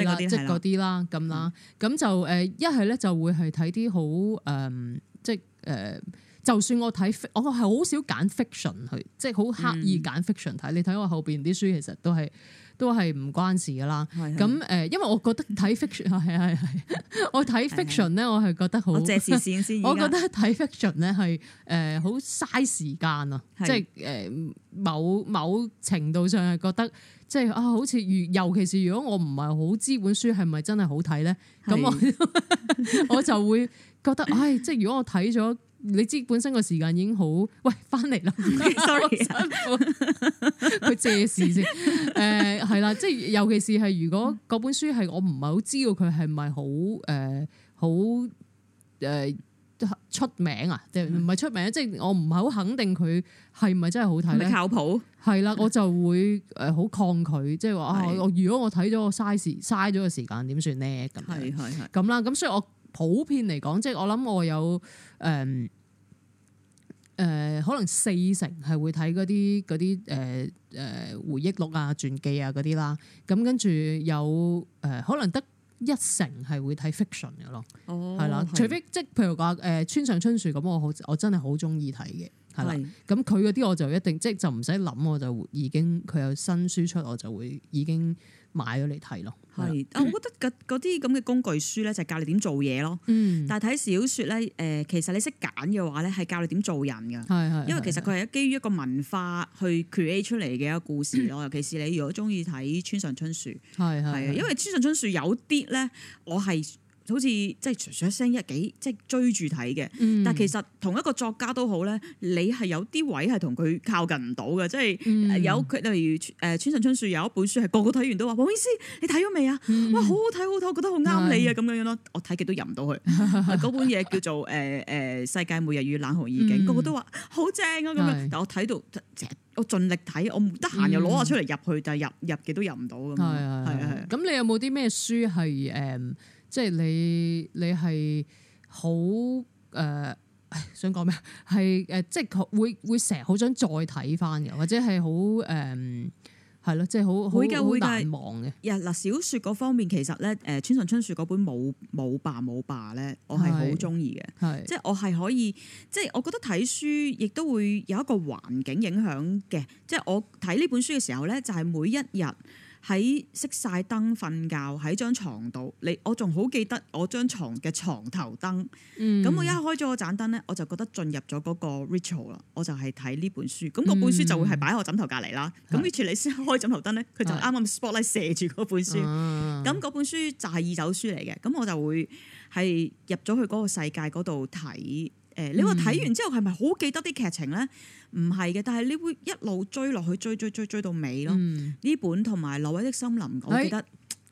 啦，即係嗰啲啦咁啦，咁、嗯、就誒一係咧就會係睇啲好誒即係誒。呃就算我睇，我係好少揀 fiction 去，即係好刻意揀 fiction 睇。嗯、你睇我後邊啲書，其實都，都係都係唔關事㗎喇。咁誒是是，因為我覺得睇 fiction 係啊係我睇 fiction 咧，我係覺得好我覺得睇 fiction 咧係誒好嘥時間啊，是是即係誒、呃、某某程度上係覺得即係啊，好似如尤其是如果我唔係好知本書係咪真係好睇咧，咁我我就會覺得唉，即係如果我睇咗。你知本身個時間已經好，喂，翻嚟啦，sorry，佢借時先，誒、呃，係啦，即係尤其是係如果嗰本書係我唔係好知道佢係咪好誒，好誒出名啊，即係唔係出名，即係、就是、我唔係好肯定佢係咪真係好睇咧，是是靠譜係啦，我就會誒好抗拒，即係話如果我睇咗我嘥時，嘥咗個時間點算咧，咁係係係咁啦，咁所以我。普遍嚟講，即係我諗我有誒誒、呃呃，可能四成係會睇嗰啲嗰啲誒誒回憶錄啊、傳記啊嗰啲啦。咁跟住有誒、呃，可能得一成係會睇 fiction 嘅咯。哦，係啦吧，是的 除非即係譬如話誒《村、呃、上春樹》咁，我好我真係好中意睇嘅，係啦。咁佢嗰啲我就一定即係就唔使諗，我就已經佢有新書出，我就會已經。買咗嚟睇咯，係啊！我覺得嗰啲咁嘅工具書咧，就教你點做嘢咯。嗯。但係睇小說咧，誒，其實你識揀嘅話咧，係教你點做人㗎。係係係。因為其實佢係基於一個文化去 create 出嚟嘅一個故事咯。係係係係。尤其是你如果中意睇村上春樹，係係係。因為村上春樹有啲咧，我係。好似即係唰唰聲一幾即係追住睇嘅，但係其實同一個作家都好咧，你係有啲位係同佢靠近唔到嘅，即係有佢例如誒村上春樹有一本書係個個睇完都話，黃老師你睇咗未啊？哇，好好睇，好睇，我覺得好啱你啊，咁樣樣咯。我睇極都入唔到去，嗰本嘢叫做誒誒《世界末日與冷酷意境》，個個都話好正啊咁樣。但我睇到，我盡力睇，我得閒又攞我出嚟入去，但係入入嘅都入唔到咁。係係。咁你有冇啲咩書係誒？即係你，你係好誒，想講咩啊？係誒，即係會會成日好想再睇翻嘅，或者係好誒，係、呃、咯，即係好好好難忘嘅。呀，嗱、yeah,，小說嗰方面其實咧，誒，村上春樹嗰本《冇冇爸冇爸》咧，我係好中意嘅，即係是我係可以，即係的我覺得睇書亦都會有一個環境影響嘅，即、就、係、是、我睇呢本書嘅時候咧，就係、是、每一日。喺熄晒燈瞓覺喺張床度，你我仲好記得我張床嘅床頭燈。咁、嗯、我一開咗嗰盞燈咧，我就覺得進入咗嗰個 ritual 啦。我就係睇呢本書，咁嗰本書就會係擺喺我枕頭隔離啦。咁、嗯、於是你先開枕頭燈咧，佢的就啱啱 spotlight 射住嗰本書。咁嗰的本書就係二手書嚟嘅，咁我就會係入咗去嗰個世界嗰度睇。誒，你話睇完之後係咪好記得啲劇情咧？唔係嘅，但係你會一路追落去，追追追追到尾咯。呢、嗯、本同埋挪威的森林，我記得，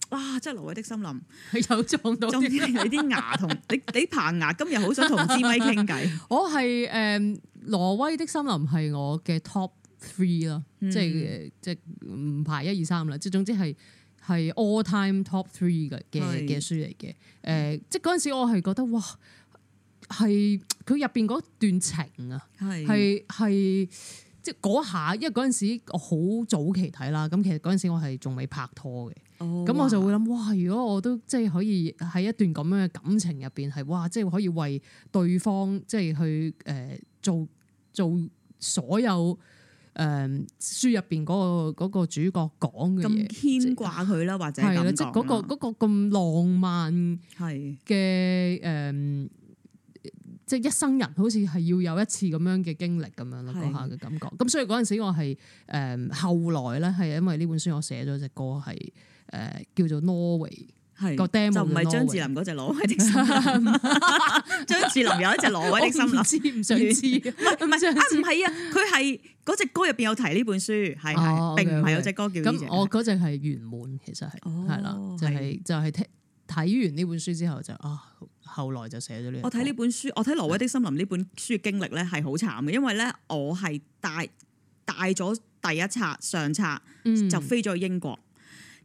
哇！即係挪威的森林，有撞到你啲牙同你你棚牙。今日好想同芝咪傾偈。我係誒挪威的森林係我嘅 top three 啦、嗯，即係即唔排一二三啦。即總之係係 all time top three 嘅嘅嘅書嚟嘅。誒，即嗰陣時我係覺得哇係～佢入邊嗰段情啊，係係即係嗰下，因為嗰陣時我好早期睇啦，咁其實嗰陣時我係仲未拍拖嘅，咁、oh, 我就會諗，哇，哇！如果我都即係可以喺一段咁樣嘅感情入邊，係哇，即、就、係、是、可以為對方即係、就是、去誒、呃、做做所有誒、呃、書入邊嗰個嗰、那個主角講嘅嘢，牽掛佢啦，就是、或者係啦，即、就、係、是那個嗰、那個咁、那個、浪漫係嘅誒。呃即係一生人，好似係要有一次咁樣嘅經歷咁樣咯，嗰下嘅感覺。咁所以嗰陣時我係誒後來咧，係因為呢本書我寫咗隻歌係誒叫做挪威，係個 demo 就唔係張智霖嗰隻挪威的心。張智霖有一隻挪威的心，啊，唔想知唔知，唔 係啊，佢係嗰隻歌入邊有提呢本書，係，oh okay okay. 並唔係有隻歌叫咁，噉我嗰隻係圓滿，其實係係啦，就係就係聽睇完呢本書之後就啊。後來就寫咗呢。我睇呢本書，我睇《挪威的森林》呢本書經歷咧係好慘嘅，因為咧我係帶帶咗第一冊上冊，就飛咗去英國。嗯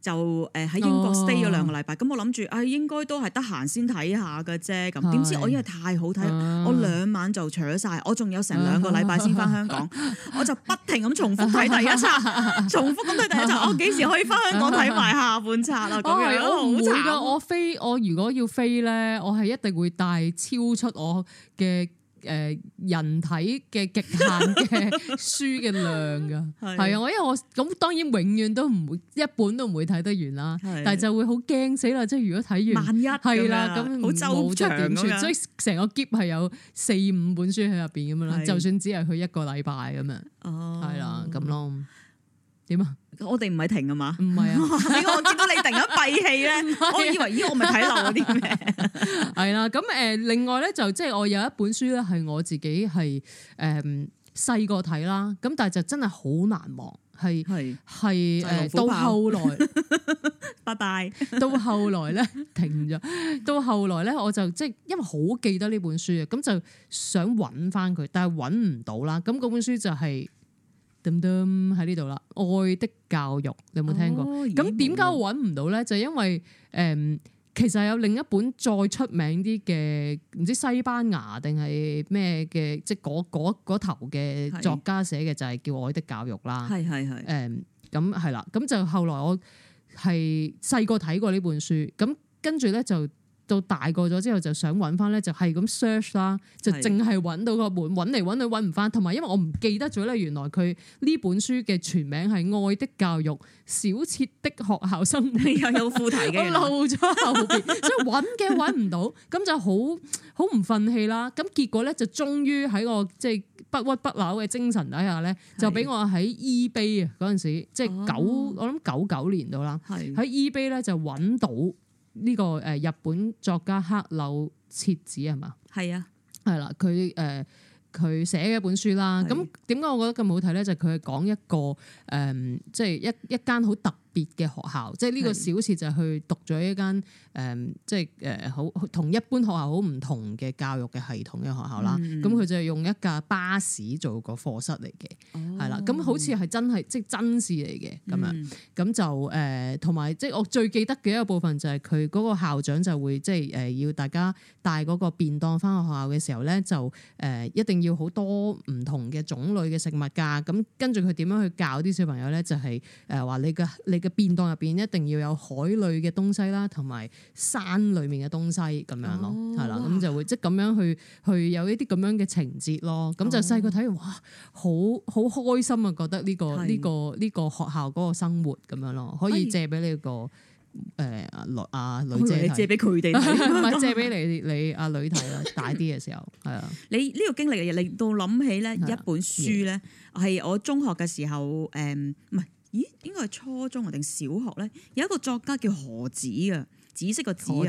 就誒喺英國 stay 咗兩個禮拜，咁、oh. 我諗住啊應該都係得閒先睇下㗎啫，咁點知我因為太好睇，oh. 我兩晚就搶晒。我仲有成兩個禮拜先翻香港，oh. 我就不停咁重複睇第一冊、oh.，重複咁睇第一冊，我幾、oh. 時可以翻香港睇埋下半冊啊？咁樣好慘㗎、oh. 我唔會我飛我如果要飛咧，我係一定會帶超出我嘅。誒人體嘅極限嘅書嘅量㗎，係啊 的，我因為我咁當然永遠都唔會一本都唔會睇得完啦，的但係就會好驚死啦！即係如果睇完萬一係啦，咁冇出點算？所以成個喼係有四五本書喺入邊咁樣啦，的就算只係去一個禮拜咁樣，係啦，咁咯。點是啊？ 我哋唔係停啊嘛？唔係啊！我見到你突然間閉氣咧， 是啊、我以為咦？我咪睇漏啲咩？係啦。咁誒，另外咧就即、是、係我有一本書咧，係我自己係誒細個睇啦。咁、呃、但係就真係好難忘，係係係到後來， 拜拜到後來咧停咗。到後來咧，我就即係因為好記得呢本書啊，咁就想揾翻佢，但係揾唔到啦。咁嗰本書就係、是。喺呢度啦，《愛的教育》你有冇聽過？咁點解我揾唔到咧？就係、因為誒、呃，其實有另一本再出名啲嘅，唔知西班牙定係咩嘅，即係嗰頭嘅作家寫嘅，就係叫《愛的教育》啦。係係係。誒、嗯，咁係啦，咁、嗯的嗯、就後來我係細個睇過呢本書，咁跟住咧就。到大個咗之後就想揾翻咧，就係咁 search 啦，就淨係揾到個門，揾嚟揾去揾唔翻。同埋因為我唔記得咗咧，原來佢呢本書嘅全名係《愛的教育》，小切的學校生活又 有，有副題嘅，我漏咗後邊，所以揾嘅揾唔到，咁就好好唔憤氣啦。咁結果咧就終於喺我即係、就是、不屈不撓嘅精神底下咧，就俾我喺 eBay 啊嗰陣時，即係九我諗九九年度啦，喺 eBay 咧就揾到。呢個誒日本作家黑柳徹子係嘛？係是啊，係、呃、啦，佢誒佢寫嘅一本書啦。咁點解我覺得咁好睇咧？就佢、是、係講一個誒，即、呃、係、就是、一一間好特別嘅學校，即係呢個小說就去讀咗一間。是的 嗯誒即係誒好同一般學校好唔同嘅教育嘅系統嘅學校啦，咁佢、嗯、就係用一架巴士做個課室嚟嘅，係啦、哦，咁好似係真係即係真事嚟嘅咁樣，咁、嗯、就誒同埋即係我最記得嘅一個部分就係佢嗰個校長就會即係誒要大家帶嗰個便當返學校嘅時候咧，就誒一定要好多唔同嘅種類嘅食物㗎，咁跟住佢點樣去教啲小朋友咧？就係誒話你嘅你嘅便當入邊一定要有海類嘅東西啦，同埋。山裏面嘅東西咁樣咯，係啦、哦，咁就會即係咁樣去去有一啲咁樣嘅情節咯。咁、哦、就細個睇完，哇，好好開心啊！覺得呢、這個呢個呢個學校嗰個生活咁樣咯，可以借俾呢、那個誒、呃、女阿女你借俾佢哋，唔係 借俾你你阿女睇啊。 大啲嘅時候係啊，你呢個經歷令到諗起咧一本書咧，係的我中學嘅時候誒，唔、嗯、係咦，應該係初中啊定小學咧，有一個作家叫何子啊。紫色個紫啊，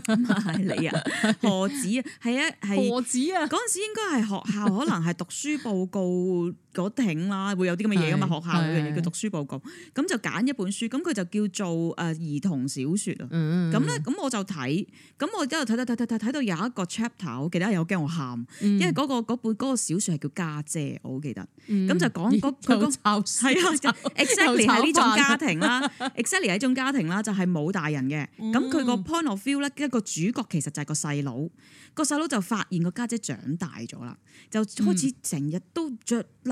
係止你啊，何紫啊？係啊，係何紫啊？嗰陣、啊、時應該係學校，可能係讀書報告。嗰挺啦，會有啲咁嘅嘢啊嘛，學校嗰樣嘢叫讀書報告，咁就揀一本書，咁佢就叫做誒兒童小說啊，咁咧，咁我就睇，咁我一路睇睇睇睇睇睇到有一個 chapter，我記得有驚我喊，因為嗰個嗰本嗰個小說係叫家姐，我記得，咁就講嗰個係啊，exactly 係呢種家庭啦，exactly 係一種家庭啦，就係冇大人嘅，咁佢個 point of view 咧，一個主角其實就係個細佬，個細佬就發現個家姐長大咗啦，就開始成日都着。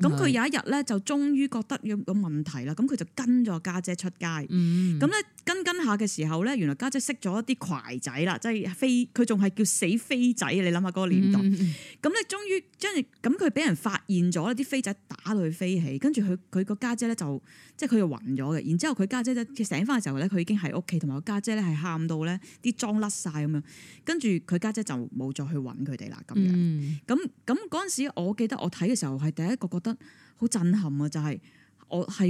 咁佢有一日咧，就終於覺得有個問題啦。咁佢就跟咗家姐出街，咁咧、嗯、跟跟下嘅時候咧，原來家姐識咗一啲攜仔啦，即係飛，佢仲係叫死飛仔。你諗下嗰個年代，咁咧、嗯、終於即係咁佢俾人發現咗啲飛仔打到佢飛起，跟住佢佢個家姐咧就即係佢就暈咗嘅。然之後佢家姐咧醒翻嘅時候咧，佢已經喺屋企，同埋個家姐咧係喊到咧啲妝甩晒咁樣，跟住佢家姐就冇再去揾佢哋啦咁樣。咁咁嗰陣時，我記得我睇嘅時候係第一個覺得好震撼啊！就係、是、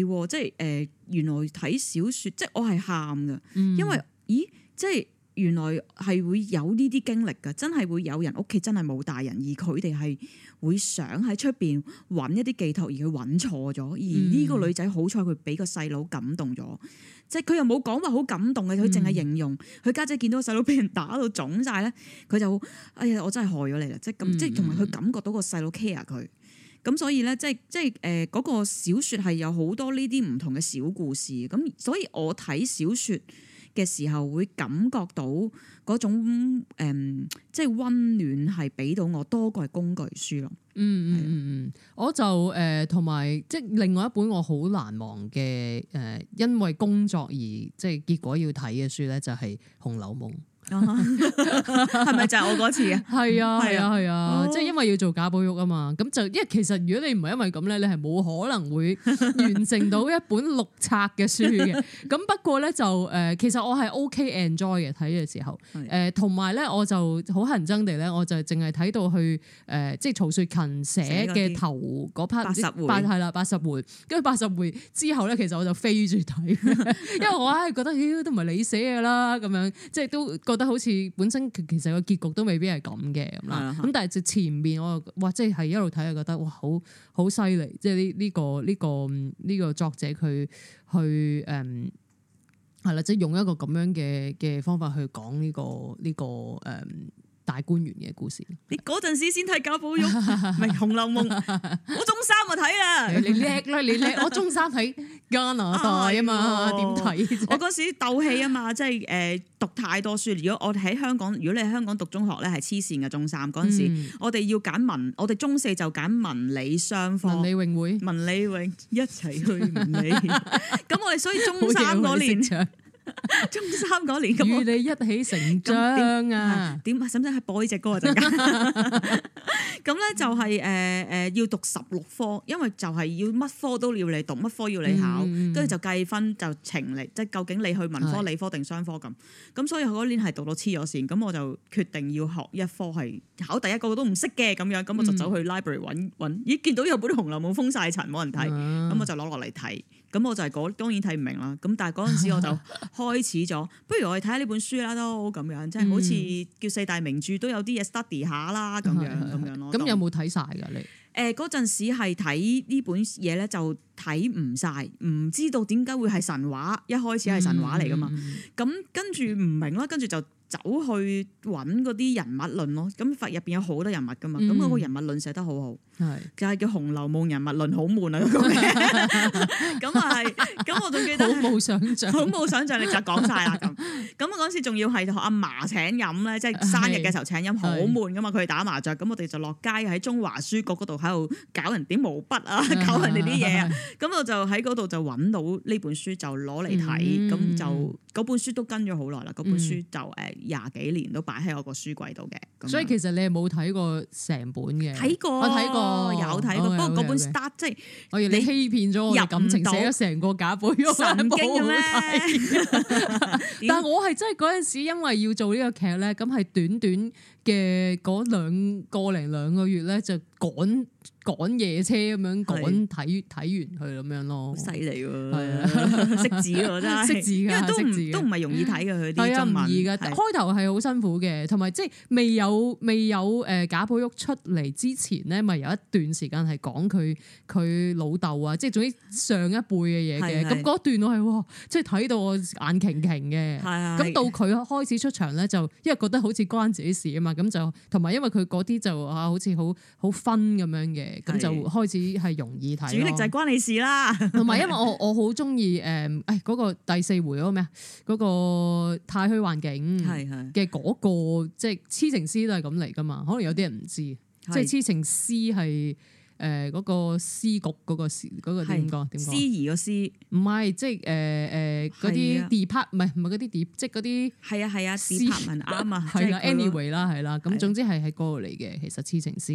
我係即係誒，原來睇小說即係我係喊噶，因為、嗯、咦，即係原來係會有呢啲經歷噶，真係會有人屋企真係冇大人，而佢哋係會想喺出邊揾一啲寄託，而佢揾錯咗。而呢個女仔、嗯、好彩，佢俾個細佬感動咗，即係佢又冇講話好感動嘅，佢淨係形容佢家、嗯、姐見到個細佬俾人打到腫晒咧，佢就哎呀，我真係害咗你啦！即係咁，即係同埋佢感覺到個細佬 care 佢。咁所以咧，即係即係誒嗰個小說係有好多呢啲唔同嘅小故事。咁所以我睇小說嘅時候會感覺到嗰種誒，即係溫暖係俾到我多過工具書咯、嗯。嗯嗯嗯嗯，我就誒同埋即係另外一本我好難忘嘅誒、呃，因為工作而即係結果要睇嘅書咧，就係、是《紅樓夢》。係 咪就係我嗰次啊？係啊，係啊，係啊，啊即係因為要做賈寶玉啊嘛，咁就因為其實如果你唔係因為咁咧，你係冇可能會完成到一本六冊嘅書嘅。咁 不過咧就誒，其實我係 OK enjoy 嘅睇嘅時候，誒的，同埋咧我就好乞人憎地咧，我就淨係睇到去誒，即係曹雪芹寫嘅頭嗰 part，八係啦，八十回，跟住八十回之後咧，其實我就飛住睇， 因為我係覺得，哎、都唔係你寫噶啦，咁樣即係都。覺得好似本身其實個結局都未必係咁嘅咁啦，咁但係前面我哇即係係一路睇就覺得哇好好犀利，即係呢呢個呢、這個呢、這個作者佢去誒係啦，即、嗯、係、就是、用一個咁樣嘅嘅方法去講呢、這個呢、這個誒。嗯大官員嘅故事，你嗰陣時先睇《賈寶玉》，咪《紅樓夢》。我中三就睇啊，你叻啦，你叻！我中三喺加拿大啊嘛，點睇？我嗰時鬥氣啊嘛，即係誒讀太多書。如果我喺香港，如果你喺香港讀中學咧，係黐線嘅中三嗰陣時，我哋要揀文，我哋中四就揀文理雙科。文理榮會，文理榮一齊去文理。咁我哋所以中三嗰年。 中三嗰年咁，與你一起成長啊？ 點使甚至係播呢隻歌啊！咁咧就係誒誒，要讀十六科，因為就係要乜科都要你讀，乜科要你考，跟住、嗯、就計分就情力。即、就、係、是、究竟你去文科、是的 理科定商科咁。咁所以嗰年係讀到黐咗線，咁我就決定要學一科係考第一個，個個都唔識嘅咁樣，咁、嗯、我就走去 library 搵搵，咦見到有本《紅樓夢》冇封晒塵，冇人睇，咁我就攞落嚟睇。啊 咁我就係講當然睇唔明啦。咁但係嗰陣時我就開始咗， 不如我哋睇下呢本書啦都咁樣，即係好似叫四大名著都有啲嘢 study 下啦咁樣咁樣咯。咁有冇睇晒㗎你？誒嗰陣時係睇呢本嘢咧，就睇唔晒，唔知道點解會係神話，一開始係神話嚟噶嘛。咁、嗯、跟住唔明啦，跟住就。走去揾嗰啲人物論咯，咁佛入邊有好多人物噶嘛，咁嗰個人物論寫得好好，就係叫《紅樓夢人物論》好悶啊！咁啊係，咁我仲記得好冇想象，好冇想像力就講晒啦咁。咁嗰陣時仲要係同阿嫲請飲咧，即係生日嘅時候請飲，好悶噶嘛。佢哋打麻雀，咁我哋就落街喺中華書局嗰度喺度搞人點毛筆啊，搞人哋啲嘢啊。咁我就喺嗰度就揾到呢本書就攞嚟睇，咁就嗰本書都跟咗好耐啦。嗰本書就誒。廿幾年都擺喺我個書櫃度嘅，所以其實你係冇睇過成本嘅？睇過，睇、啊、過，有睇過，不過嗰本書即係你欺騙咗我嘅感情，寫咗成個假本，神經嘅咩？ 但係我係真係嗰陣時，因為要做呢個劇咧，咁係短短。嘅嗰兩個零兩個月咧，就趕趕夜車咁樣趕睇睇完佢咁樣咯，好犀利喎！識字喎，真係識字，因為都唔都唔係容易睇嘅佢啲中文。係啊，唔易噶，開頭係好辛苦嘅，同埋即係未有未有誒賈寶玉出嚟之前咧，咪有一段時間係講佢佢老豆啊，即係總之上一輩嘅嘢嘅。咁嗰段我係，哇即係睇到我眼擎擎嘅。咁到佢開始出場咧，就因為覺得好似關自己事啊嘛。咁就同埋，因為佢嗰啲就啊，好似好好分咁樣嘅，咁就開始係容易睇。主力就係關你事啦。同埋，因為我 我好中意誒，誒、哎、嗰、那個第四回嗰個咩啊，嗰個太虛幻境嘅嗰個，那個那個、的即係痴情司都係咁嚟噶嘛。可能有啲人唔知，的即係痴情司係。誒，嗰個詩局，嗰個詩，嗰個點講點講，詩怡個詩唔係，即係，誒誒嗰啲 d 唔係，唔係嗰啲，即係嗰啲，係啊，係啊，詩文雅啊嘛，係啦 anyway 啦，係啦，咁總之係喺度嚟嘅。其實痴情詩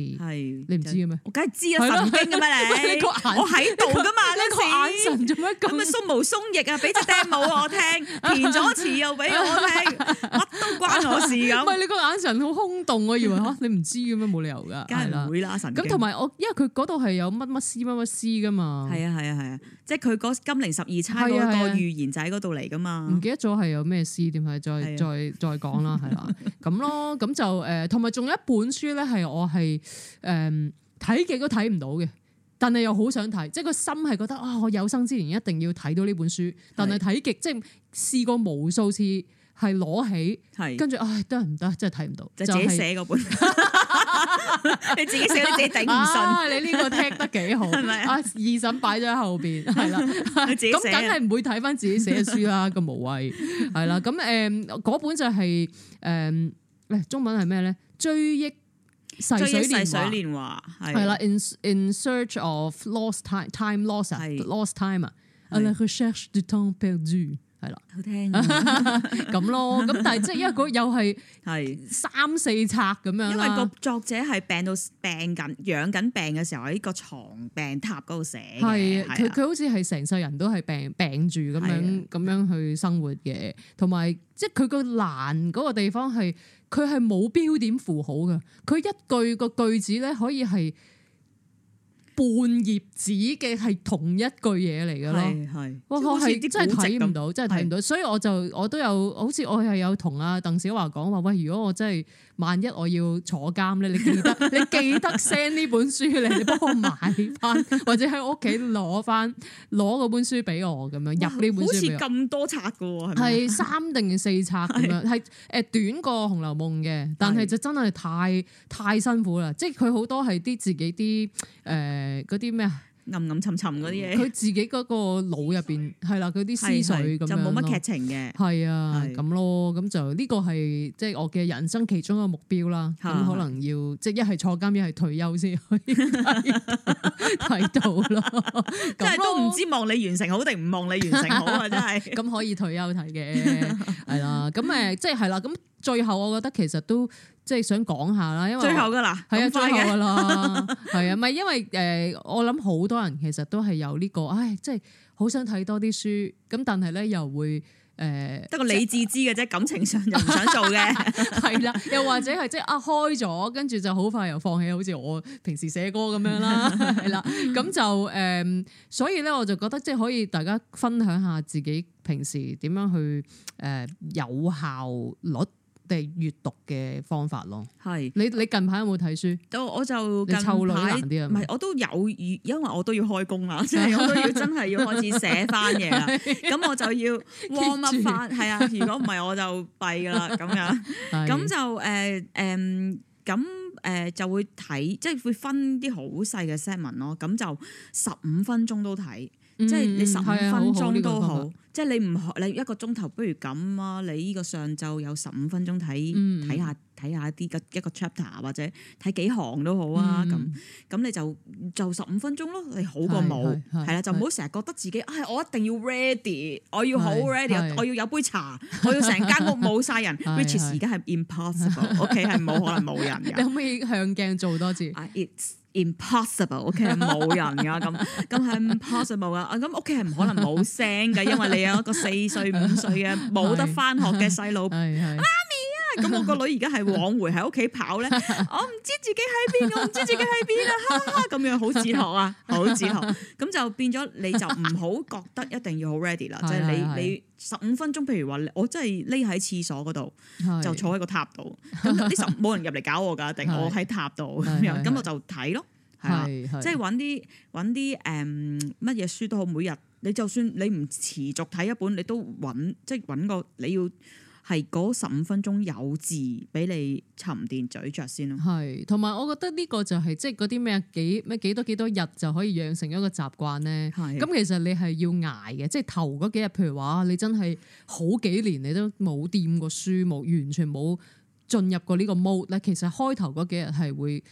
你唔知嘅咩？我梗係知啊，神經嘅咩你？我喺度㗎嘛你，個眼神做咩咁啊，鬆毛鬆翼啊，俾隻 demo 我聽，填咗詞又俾我聽，乜都關我事咁？唔係你個眼神好空洞啊，以為你唔知嘅咩？冇理由㗎，梗係唔會啦。咁同埋我因為佢。嗰度係有乜乜詩乜乜詩噶嘛、啊？係啊係啊係啊！即係佢嗰《金陵十二釵、啊》嗰個預言仔嗰度嚟噶嘛？唔記得咗係有咩詩？點解再是、啊、再再講啦？係啦，咁、啊、咯，咁就誒，同埋仲有一本書咧，係我係誒睇極都睇唔到嘅，但係又好想睇，即係個心係覺得啊、哦，我有生之年一定要睇到呢本書，但係睇極即係試過無數次係攞起，跟住是、啊、唉得唔得？真係睇唔到，就自己寫嗰本。 你自己寫你自己頂，啊！你呢個聽得幾好，啊 係咪？二嬸擺咗喺後邊，係啦，咁梗係唔會睇翻自己寫嘅書啦，咁 無謂係啦。咁誒嗰本就係、是、誒、嗯、中文係咩咧？追憶逝水年華係啦，in in search of lost time, time lost lost time 啊，啊，à la recherche du temps perdu。係 啦，好聽咁咯。咁但係即係一個又係係三四冊咁樣，因為個作者係病到病緊，養緊病嘅時候喺個床病榻嗰度寫嘅。係佢佢好似係成世人都係病病住咁樣咁樣去生活嘅，同埋即係佢個難嗰個地方係佢係冇標點符號嘅，佢一句個句子咧可以係，半頁紙嘅係同一句嘢嚟㗎咯，哇，我係真係睇唔到，的真係睇唔到，所以我就我都有好似我係有同啊鄧小華講話，喂，如果我真係萬一我要坐監咧，你記得 你記得 send 呢本書你，你幫我買翻或者喺屋企攞翻攞嗰本書俾我咁樣入呢本書。好似咁多冊嘅喎，係三定四冊咁樣，係誒短過《紅樓夢》嘅，但係就真係太太辛苦啦，即係佢好多係啲自己啲誒。呃誒，嗰啲咩暗暗沉沉嗰啲嘢，佢自己嗰個腦入邊係啦，佢啲思緒咁樣就冇乜劇情嘅，係啊咁咯，咁就呢個係即係我嘅人生其中一個目標啦。咁可能要即係一係坐監，一係退休先可以睇到咯。即係都唔知望你完成好定唔望你完成好啊！真係咁可以退休睇嘅，係啦。咁誒，即係係啦。咁。最後，我覺得其實都即係想講下啦，因為最後噶啦，係啊，最後噶啦，係 啊，咪因為誒、呃，我諗好多人其實都係有呢、這個，唉，即係好想睇多啲書，咁但係咧又會誒，得個理智知嘅啫，感情上又唔想做嘅，係 啦、啊，又或者係即係啊開咗，跟住就好快又放棄，好似我平時寫歌咁樣啦，係啦、 啊，咁就誒、呃，所以咧我就覺得即係可以大家分享下自己平時點樣去誒有效率。哋閱讀嘅方法咯，係你是你近排有冇睇書？我我就近排唔係我都有閱，因為我都要開工啦，即係 我都要真係要開始寫翻嘢啦。咁 我就要 one m u t e 係啊，如果唔係我就弊噶啦。咁樣咁 就誒誒，咁、呃、誒、呃呃、就會睇，即、就、係、是、會分啲好細嘅 set 文咯。咁就十五分鐘都睇。嗯、即係你十五分鐘的都好，即係你唔學，你一個鐘頭不如咁啊！你依個上晝有十五分鐘睇睇下。睇下啲個一個 chapter 或者睇幾行都好啊，咁咁你就就十五分鐘咯，你好過冇，係啦，就唔好成日覺得自己，唉，我一定要 ready，我要好 ready，我要有杯茶，我要成間屋冇晒人 which is 而家係 impossible，屋企係冇可能冇人㗎。你可唔可以向鏡做多次？It's impossible，屋企係冇人㗎，咁咁係 impossible 啊。咁屋企係唔可能冇聲㗎，因為你有一個四歲五歲嘅冇得翻學嘅細路。咁我個女而家係往回喺屋企跑咧， 我唔知自己喺邊，我唔知自己喺邊啊！咁樣好哲學啊，好哲學。咁 就變咗，你就唔好覺得一定要好 ready 啦。即係 你你十五分鐘，譬如話我真係匿喺廁所嗰度，就坐喺個塔度。咁呢十冇人入嚟搞我噶，定我喺塔度咁樣。咁 我就睇咯，係，即係搵啲搵啲誒乜嘢書都好。每日你就算你唔持續睇一本，你都搵即係搵個你要。係嗰十五分鐘有字俾你沉澱咀嚼先咯。係，同埋我覺得呢個就係、係、即係嗰啲咩幾咩幾多幾多日就可以養成一個習慣咧。咁係。其實你係要捱嘅，即係頭嗰幾日，譬如話你真係好幾年你都冇掂過書，冇完全冇進入過呢個 mode 咧。其實開頭嗰幾日係會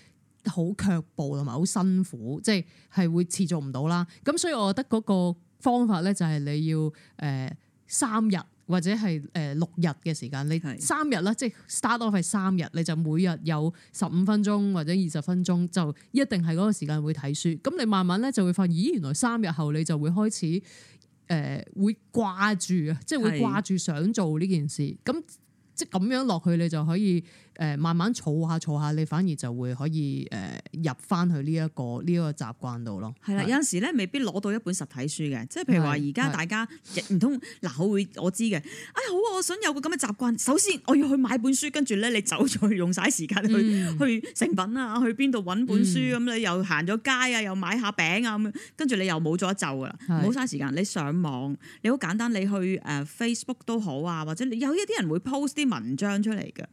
好卻步同埋好辛苦，即係係會持續唔到啦。咁所以我覺得嗰個方法咧就係你要誒三日。呃或者係誒六日嘅時間，你三日啦，即係 start off 係三日，你就每日有十五分鐘或者二十分鐘，就一定係嗰個時間會睇書。咁你慢慢咧就會發現，咦，原來三日後你就會開始誒、呃，會掛住，即係會掛住想做呢件事。咁是的 即咁樣落去，你就可以誒慢慢儲下儲下，你反而就會可以誒入翻去呢一個呢一個習慣度咯。係啦的，的有陣時咧未必攞到一本實體書嘅，即係譬如話而家大家唔通嗱，我會我知嘅。啊、哎、好啊，我想有個咁嘅習慣，首先我要去買本書，跟住咧你走咗去用晒時間去、嗯、去成品啊，去邊度揾本書咁，嗯、你又行咗街啊，又買下餅啊咁，跟住你又冇咗一就噶啦，冇晒的時間。你上網你好簡單，你去誒 Facebook 都好啊，或者有一啲人會 post 啲。文章出嚟嘅，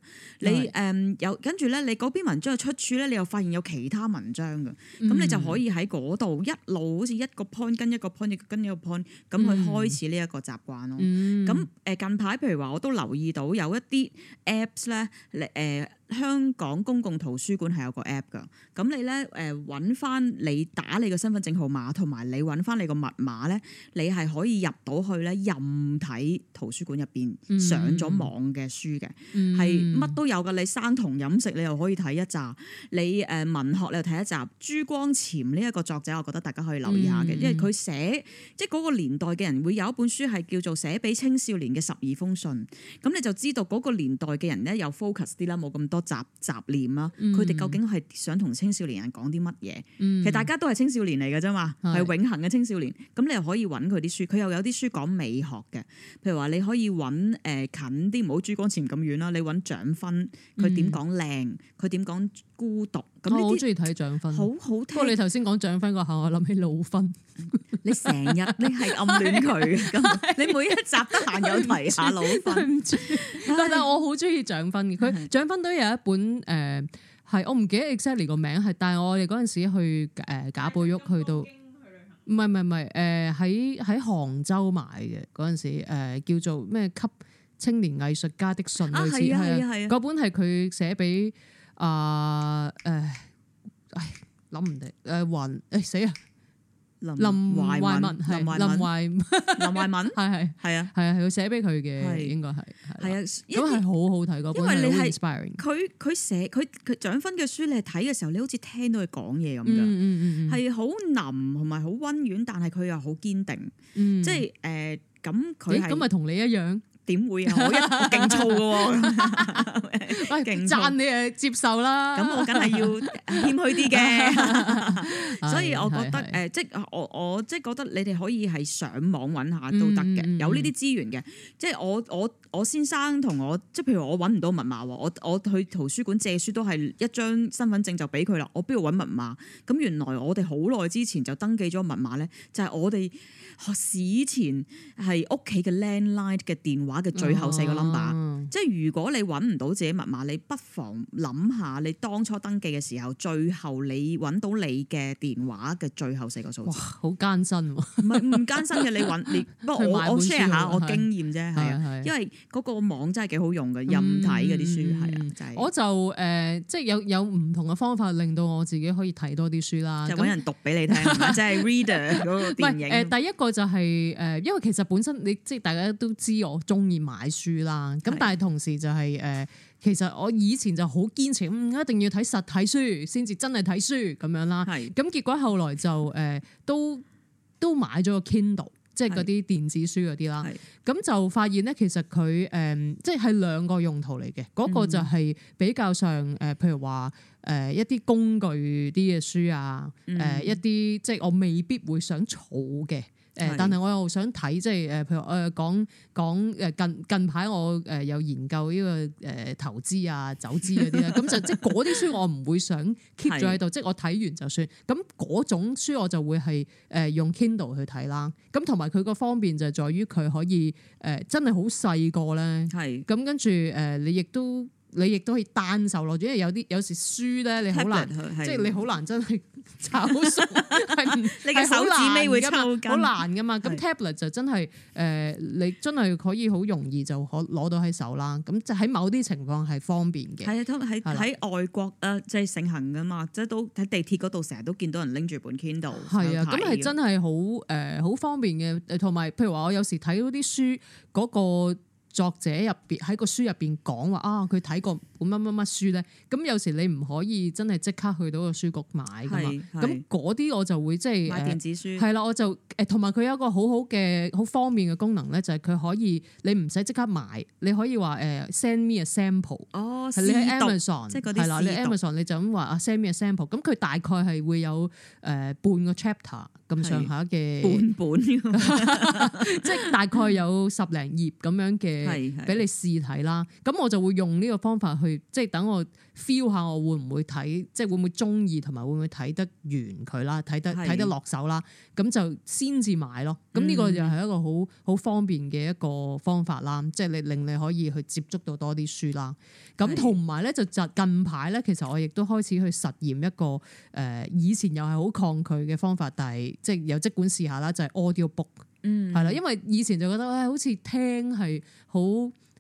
你誒有對、嗯、跟住咧，你嗰篇文章嘅出處咧，你又發現有其他文章嘅，咁、嗯、你就可以喺嗰度一路好似一個 point 跟一個 point 一個跟一個 point 咁去開始呢一個習慣咯。咁誒、嗯、近排譬如話，我都留意到有一啲 apps 啦、呃，誒。香港公共圖書館係有個 app 㗎，咁你咧，誒揾翻你打你嘅身份證號碼，同埋你揾翻你個密碼咧，你係可以入到去咧，任睇圖書館入邊上咗網嘅書嘅，係乜、嗯、都有㗎。你生同飲食你又可以睇一集，你誒文學你又睇一集。珠光潛呢一個作者，我覺得大家可以留意下嘅，嗯、因為佢寫即係嗰個年代嘅人會有一本書係叫做寫俾青少年嘅十二封信，咁你就知道嗰個年代嘅人咧有 focus 啲啦，冇咁多。雜雜念啦，佢哋究竟係想同青少年人講啲乜嘢？嗯、其實大家都係青少年嚟嘅啫嘛，係永恒嘅青少年。咁是你又可以揾佢啲書，佢又有啲書講美學嘅，譬如話你可以揾誒、呃、近啲，唔好朱光潛咁遠啦。你揾蔣勳，佢點講靚，佢點講。孤獨咁，我好中意睇蔣勳，好好聽。不過你頭先講蔣勳嗰下，我諗起老芬。你成日你係暗戀佢，你每一集都行有提下老芬。但係我好中意蔣勳嘅，佢蔣勳都有一本誒，係我唔記得 exactly 個名係，但係我哋嗰陣時去誒賈寶玉去到唔係唔係唔係誒喺喺杭州買嘅嗰陣時誒叫做咩給青年藝術家的信啊，係啊，係啊嗰本係佢寫俾。啊，誒，唉，諗唔定，誒，雲，誒，死啊，林懷民，係林懷林懷民，係係係啊係啊係佢寫俾佢嘅，應該係係啊，咁係好好睇噶，因為你係佢佢寫佢佢蔣勳嘅書，你睇嘅時候，你好似聽到佢講嘢咁噶，係好冧同埋好温軟，但係佢又好堅定，即係誒，咁佢咁咪同你一樣。點會啊！ 我我勁燥嘅喎， 欸、讚你誒接受啦。咁我梗係要謙虛啲嘅， 所以我覺得誒即係我 我即係 覺得你哋可以係上網揾下都得嘅，嗯、有呢啲資源嘅。即係我我我，我先生同我，即係譬如我揾唔到密碼喎，我我去圖書館借書都係一張身份證就俾佢啦。我邊度揾密碼？咁原來我哋好耐之前就登記咗密碼咧，就係、是、我哋史前係屋企嘅 landline 嘅電話，嘅最後四個 number，即係如果你揾唔到自己密碼，你不妨諗下你當初登記嘅時候，最後你揾到你嘅電話嘅最後四個數字。哇，好艱辛，唔係唔艱辛嘅，你揾你不過我 share 下我經驗啫，係啊，因為嗰個網真係幾好用嘅，任睇嗰啲書係啊，我就誒即係有有唔同嘅方法令到我自己可以睇多啲書啦，就揾人讀俾你聽，即係 reader 個電影。誒，第一個就係誒，因為其實本身你即係大家都知我中。中意買書啦，咁但係同時就係、是、誒、呃，其實我以前就好堅持、嗯，一定要睇實體書，先至真係睇書咁樣啦。咁是，結果後來就誒、呃，都都買咗個 Kindle，即係嗰啲電子書嗰啲啦。咁是就發現咧，其實佢誒，即係兩個用途嚟嘅。嗰、那個就係比較上誒，譬、呃、如話誒、呃、一啲工具啲嘅書啊，誒、呃、一啲即係我未必會想儲嘅。誒，但係我又想睇，即係誒，譬如誒講講誒近近排我誒有研究呢個誒投資啊、走資嗰啲咧，咁就即係嗰啲書我唔會想 keep 咗喺度，是的 即係我睇完就算。咁嗰種書我就會係誒用 Kindle 去睇啦。咁同埋佢個方便就係在於佢可以誒、呃、真係好細個咧。係。咁跟住誒，你亦都。你亦都可以單手攞，因為有啲有時書咧，你好難，即係 Tab let, 你好難真係抄數，你嘅手指尾會抽筋，好難噶嘛。咁 tablet 就真係誒是、呃，你真係可以好容易就可攞到喺手啦。咁就喺某啲情況係方便嘅。係啊，喺喺外國啊，即係盛行噶嘛，即、就、係、是、都喺地鐵嗰度成日都見到人拎住本 Kindle 的。係啊的，咁係真係好誒，好方便嘅。同埋譬如話，我有時睇到啲書嗰、那個。作者入邊喺個書入邊講話啊，佢睇過。乜乜乜書咧？咁有時你唔可以真係即刻去到個書局買㗎嘛？咁嗰啲我就會即係、就是、買電子書。係啦、啊，我就誒同埋佢有一個好好嘅好方便嘅功能咧，就係、是、佢可以你唔使即刻買，你可以話誒、啊、send me a sample。哦，試讀。喺 Amazon，係啦，喺 Amazon 你就咁話啊，send me a sample。咁佢大概係會有誒、啊、半個 chapter 咁上下嘅半本，即係大概有十零頁咁樣嘅，俾你試睇啦。咁的 我就會用呢個方法去。即係等我 feel 下我會唔會睇，即係會唔會中意，同埋會唔會睇得完佢啦，睇得睇是得落手啦，咁就先至買咯。咁呢個又係一個好好方便嘅一個方法啦。即係你令你可以去接觸到多啲書啦。咁同埋咧就近排咧，其實我亦都開始去實驗一個誒、呃，以前又係好抗拒嘅方法，但係即係又即管試下啦，就係、是、audiobook，嗯，係啦，因為以前就覺得、哎、好似聽係好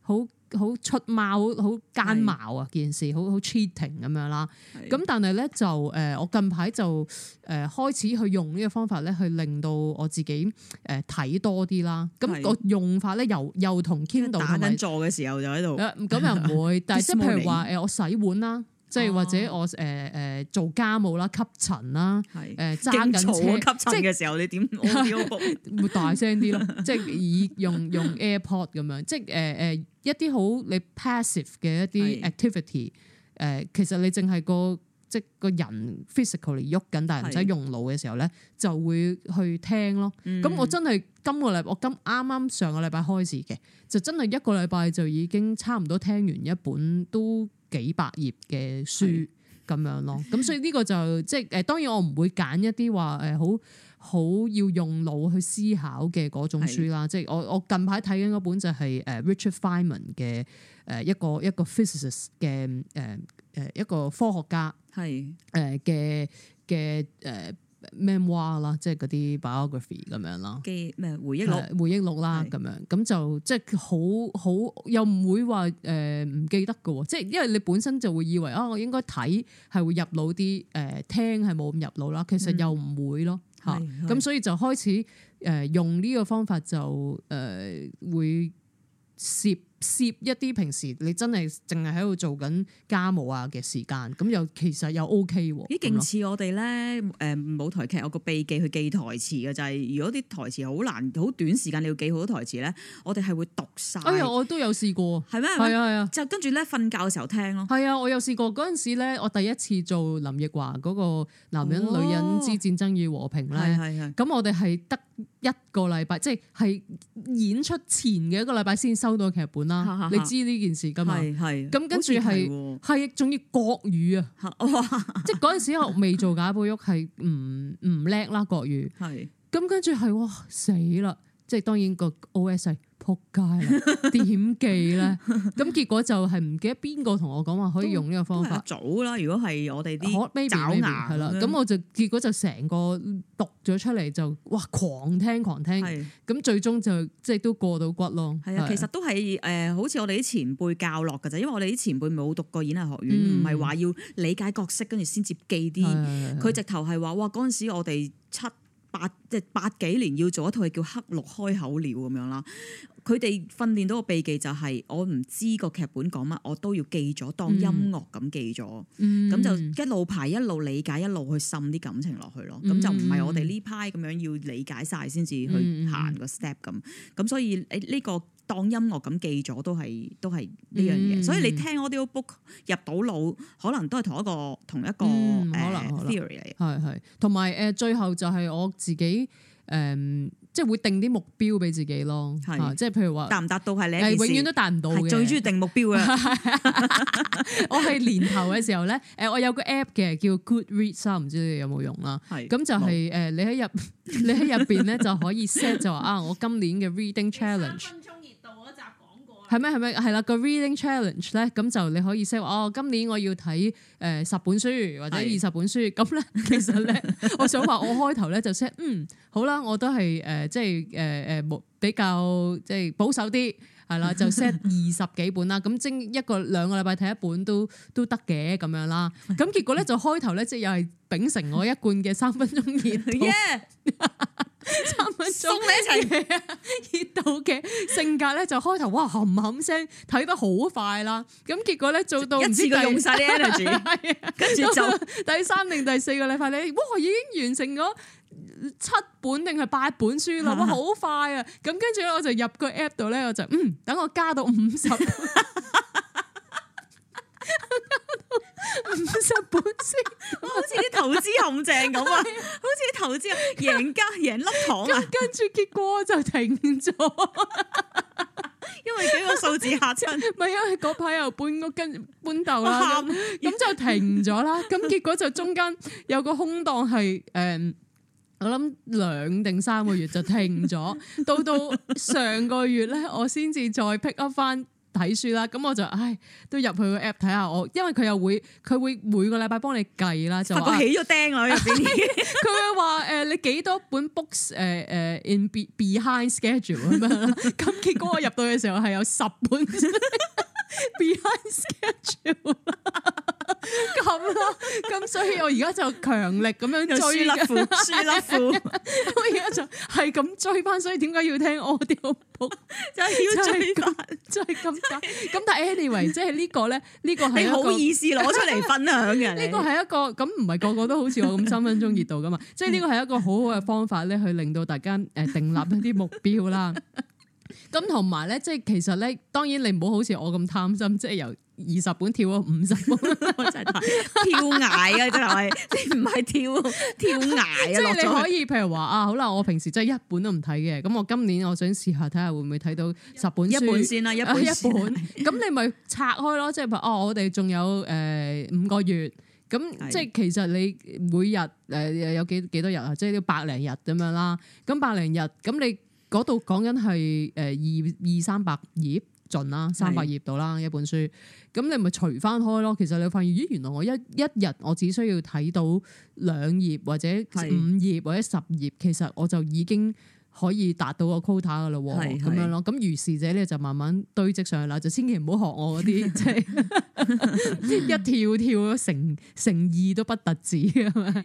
好。好出貓，好奸茅啊！件事的，好好 cheating 咁樣啦。咁但係咧就誒，我近排就誒開始去用呢個方法咧，去令到我自己誒睇多啲啦。咁個的用法咧又又同 Kindle 打緊坐嘅時候就喺度，咁又唔會。 但係即係譬如話誒，我洗碗啦。即係或者我誒誒、呃、做家務啦、吸塵啦、誒揸緊車吸塵嘅時候，你點？我會大聲啲咯，即係以用用 AirPod 咁樣，即係誒誒一啲好你 passive 嘅一啲 activity 是。誒、呃、其實你淨係個即係個人 physically 喐緊，但係唔使用腦嘅時候咧，是就會去聽咯。咁、嗯、我真係今、今個禮，我今啱啱上個禮拜開始嘅，就真係一個禮拜就已經差唔多聽完一本都，幾百頁嘅書咁的樣咯，咁所以呢個就即係誒，當然我唔會揀一啲話誒，好好要用腦去思考嘅嗰種書啦。即係我我近排睇緊嗰本就係誒 Richard Feynman 嘅誒一個一個 physicist 嘅誒誒一個科學家係誒嘅嘅誒。的 memoir 啦，即係嗰啲 biography 咁樣啦，記咩回憶錄、回憶錄啦咁樣，咁是的 就即係佢好好又唔會話誒唔記得嘅喎，即係因為你本身就會以為啊、哦，我應該睇係會入腦啲，誒、呃、聽係冇咁入腦啦，其實又唔會咯嚇，咁所以就開始誒、呃、用呢個方法就誒、呃、會攝。攝一啲平時你真係淨係喺度做緊家務啊嘅時間，咁又其實又 O K 咦，勁似我哋咧誒，舞、嗯、台劇我個秘技，去記台詞嘅就係、是，如果啲台詞好難、好短時間你要記好多台詞咧，我哋係會讀晒。哎呀，我都有試過，係咩？係啊係啊。啊就跟住咧，瞓覺嘅時候聽咯。係啊，我有試過嗰陣時咧，我第一次做林奕華嗰個男人女人之戰爭與和平咧，咁、哦、我哋係得一個禮拜，即係係演出前嘅一個禮拜先收到劇本啦。你知呢件事噶嘛？係咁是跟住係係仲要國語啊！哇 即係嗰陣時我未做賈寶玉，係唔唔叻啦國語係、啊、咁是是 跟住係哇死啦！即係當然個 O S 係。撲街啦，點記咧？咁 結果就係唔記得邊個同我講話可以用呢個方法早啦。如果係我哋啲找牙係啦，咁 Maybe, maybe, 我就結果就成個讀咗出嚟就哇狂聽狂聽，咁是最終就即係都過到骨咯。係啊，是其實都係誒、呃，好似我哋啲前輩教落噶咋，因為我哋啲前輩冇讀過演藝學院，唔係話要理解角色跟住先接記啲。佢直頭係話哇，嗰陣時我哋七八即係八幾年要做一套，一套叫黑六《黑鹿開口鳥》咁樣啦。佢哋訓練到個秘技就係，我唔知個劇本講乜，我都要記咗當音樂咁記咗，咁、嗯、就一路排一路理解，一路去滲啲感情落去咯。咁、嗯、就唔係我哋呢批咁樣要理解晒先至去行個 step 咁。咁、嗯、所以誒呢個當音樂咁記咗都係都係呢樣嘢。嗯、所以你聽 audio book 入到腦，可能都係同一個同一個誒 theory 嚟。係係。同埋誒最後就係我自己誒。嗯即係會定啲目標俾自己咯，即係是譬如話達唔達到係你永遠都達唔到嘅。最中意定目標嘅， 我係年頭嘅時候咧，誒我有個 app 嘅叫 Goodreads、啊，唔知你哋有冇用啦？係咁是就係、是、誒沒、呃、你喺入你喺入邊咧就可以 set 就話啊，我今年嘅 reading challenge。係咩？係咩？係啦，個 reading challenge 咧，咁就你可以 set 哦，今年我要睇誒十本書或者二十本書。咁咧，其實咧，我想話我開頭咧就 set 嗯好啦，我都係誒即係誒誒冇比較即係保守啲係啦，就 set 二十幾本啦。咁蒸一個兩個禮拜睇一本都都得嘅咁樣啦。咁結果咧就開頭咧即係又係秉承我一貫嘅三分鐘熱度。三分鐘送一齊嘅，熱到嘅性格咧，就開頭哇冚冚聲，睇得好快啦。咁結果咧做到唔知佢用晒啲 energy，跟住就第三定第四個禮拜咧，哇已經完成咗七本定係八本書啦，好 快啊！咁跟住咧我就入個 app 度咧，我就嗯等我加到五十。 唔實本事， 好似啲投資陷阱咁啊！ 好似啲投資贏 家贏粒糖啊，跟住結果就停咗， 因為幾個數字吓親，唔係 因為嗰排又搬屋跟、跟住搬豆啦，咁 就停咗啦。咁 結果就中間有個空檔係誒，我諗兩定三個月就停咗，到 到上個月咧，我先至再 pick up 翻，睇書啦，咁我就唉都入去個 app 睇下我，因為佢又會佢會每個禮拜幫你計啦，就起咗釘女，佢會話誒你幾多本 books 誒誒 in behind schedule 咁樣啦，咁結果我入到嘅時候係有十本 behind schedule。 咁咯，咁所以我而家就強力咁樣追笠夫，追笠夫，我而家就係咁追翻，所以點解要聽我啲好就係要追緊，追咁緊。咁、就是、 但係 anyway，即係呢、呢個咧，呢個係好意思攞出嚟分享嘅。呢個係一個咁唔係個個都好似我咁三分鐘熱度噶嘛，即係呢個係一個好好嘅方法咧，去令到大家誒定立一啲目標啦。 咁同埋咧，即係其實咧，當然你唔好好似我咁貪心，即係由二十本跳咗五十本跳，跳崖啊！真係，唔係跳跳崖啊！即係你可以譬 如話啊，好啦，我平時真係一本都唔睇嘅，咁我今年我想試下睇下會唔會睇到十本書，一本先啦，一本一本。咁 你咪拆開咯，即係譬如哦，我哋仲有誒五個月，咁即係其實你每日誒有幾幾多日啊？即係要百零日咁樣啦。咁百零日，咁你。嗰度講緊係誒二二三百頁盡啦，三百頁到啦，一本書。咁是的 你咪除翻開咯。其實你發現咦，原來我一一日我只需要睇到兩頁或者五頁或者十頁，其實我就已經可以達到個 quota 噶啦喎。咁樣咯。咁於是者咧就慢慢堆積上嚟啦。就千祈唔好學我嗰啲，即、就、係、是、 一跳跳成成二都不特止。啊嘛。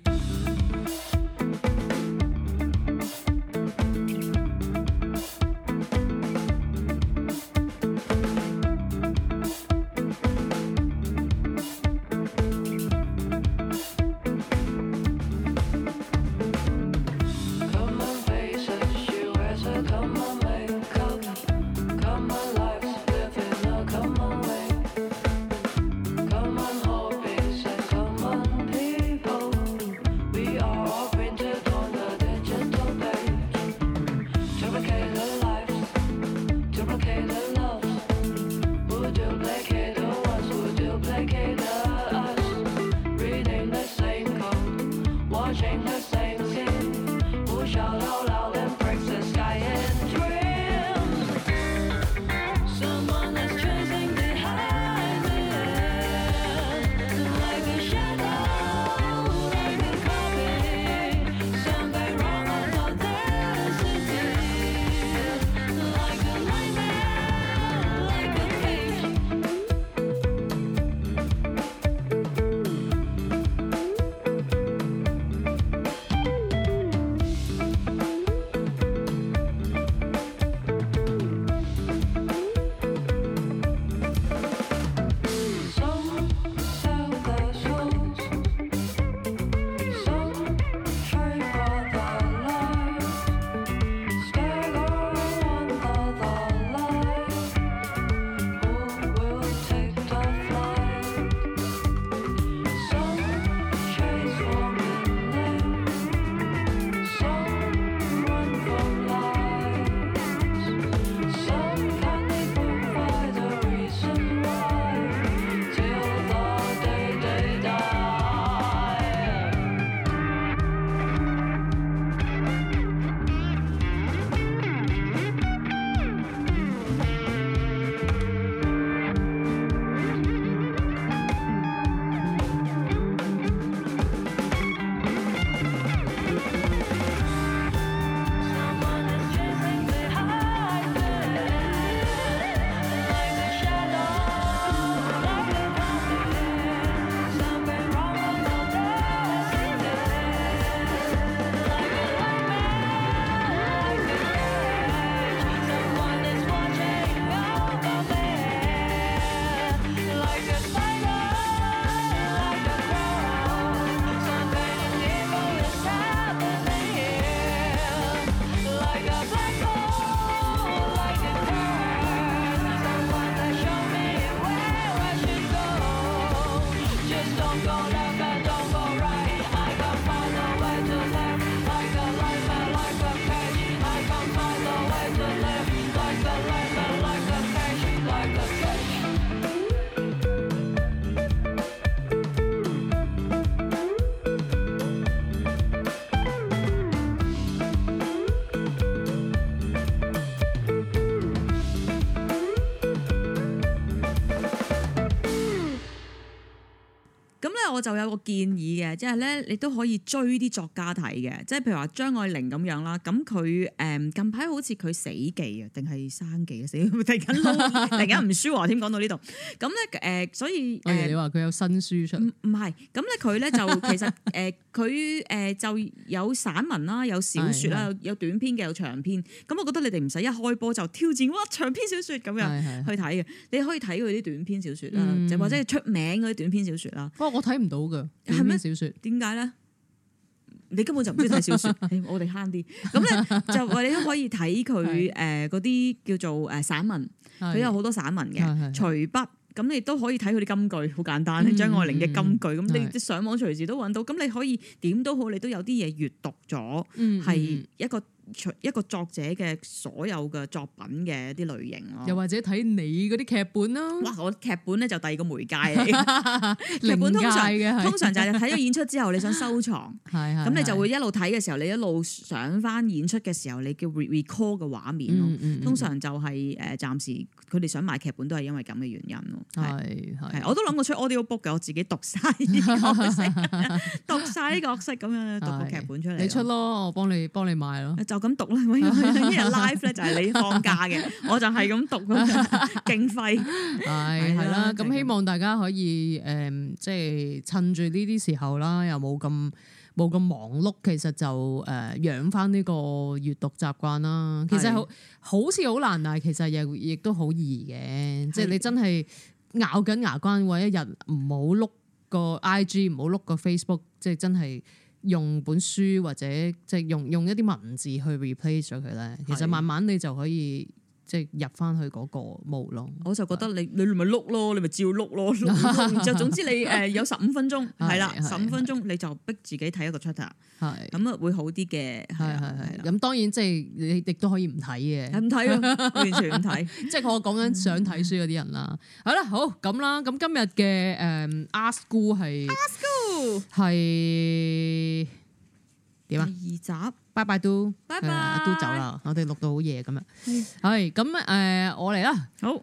就有個建議嘅，即係咧，你都可以追啲作家睇嘅，即係譬如話張愛玲咁樣啦，咁佢誒。呃近排好似佢死忌啊，定係生忌啊？死， 突然間撈，突然間唔舒話添。講到呢度，咁咧誒，所以、呃欸、你話佢有新書出？唔唔係，咁咧佢咧就其實誒，佢、呃、誒就有散文啦，有小說啦，有短篇嘅，有長篇。咁我覺得你哋唔使一開波就挑戰哇長篇小說咁樣去睇嘅，你可以睇佢啲短篇小說啦，嗯、或者出名嗰啲短篇小說啦。哦、不過我睇唔到嘅，係咩小說，點解咧？你根本就唔中意睇小説。 我哋慳啲。咁咧就話你都可以睇佢誒嗰啲叫做誒散文，佢是有好多散文嘅，隨筆。咁你都可以睇佢啲金句，好簡單。嗯、張愛玲嘅金句，咁、嗯、你上網隨時都揾到。咁是你可以點都好，你都有啲嘢閲讀咗，係、嗯、一個。一個作者嘅所有嘅作品嘅一啲類型咯，又或者睇你嗰啲劇本咯。哇！我劇本咧就第二個媒介嚟， 的 劇本通常 通常就係睇咗演出之後，你想收藏，咁 的你就會一路睇嘅時候，你一路上翻演出嘅時候，你叫 re recall 嘅畫面咯。嗯嗯嗯、通常就係誒，暫時佢哋想買劇本都係因為咁嘅原因咯。係的的我都諗過出 audio book 嘅，我自己讀晒呢個角色， 讀晒呢個角色咁樣讀個劇本出嚟。你出咯，我幫你幫你買咯。咁讀啦，等一日 live 咧就係你放假嘅，我就係咁讀，勁廢。係，係啦。咁希望大家可以誒，即、呃、係、就是、趁住呢啲時候啦，又冇咁冇咁忙碌，其實就誒、呃、養翻呢個閱讀習慣啦。的其實好好似好難，但係其實又亦都好易嘅。即係的你真係咬緊牙關，為一日唔好碌個 IG，唔好碌個 Facebook，即係真係。用本書或者即係用用一啲文字去 replace 咗佢咧，是的 其實慢慢你就可以。即係入翻去嗰個毛咯，我就覺得你以你咪碌咯，你咪照碌咯，就 總之你誒有十五分鐘係啦，十五分鐘你就逼自己睇一個 chapter，係咁啊會好啲嘅，係係係，咁當然即係你亦都可以唔睇嘅，唔睇完全唔睇， 即係我講緊想睇書嗰啲人啦、 嗯，好啦，好咁啦，咁今日嘅誒 ASKGOO 係 ASKGOO 係點啊？第二集。拜拜都，都走啦！我哋錄到好夜咁樣，係咁誒，我嚟啦。好，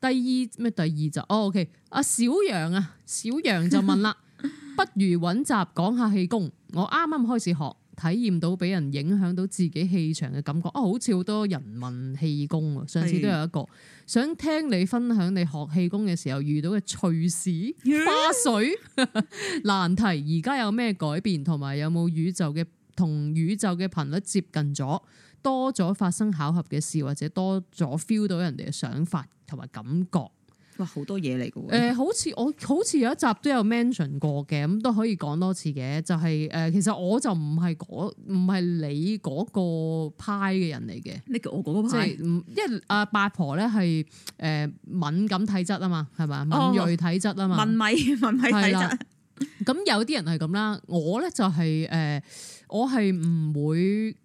第二咩？第二集、oh,，OK，阿小楊啊，小楊就問啦， 不如揾集講下氣功。我啱啱開始學，體驗到俾人影響到自己氣場嘅感覺啊，oh, 好似好多人問氣功啊。上次都有一個是想聽你分享你學氣功嘅時候遇到嘅趣事，花水 難題，而家有咩改變，同埋有冇宇,宇宙嘅？同宇宙嘅頻率接近咗，多咗發生巧合嘅事，或者多咗 feel 到人哋嘅想法同埋感覺。哇，好多嘢嚟嘅。誒、呃，好似我好似有一集都有 mention 過嘅，咁都可以講多次嘅。就係、是、誒、呃，其實我就唔係唔係你嗰個派嘅人嚟嘅。你叫我嗰個派。即係、就是、因為阿、啊、八婆咧係誒敏感體質啊嘛，係咪敏銳體質啊嘛。敏敏敏敏體質。咁有啲人係咁啦，我咧就係、是、誒、呃，我係唔會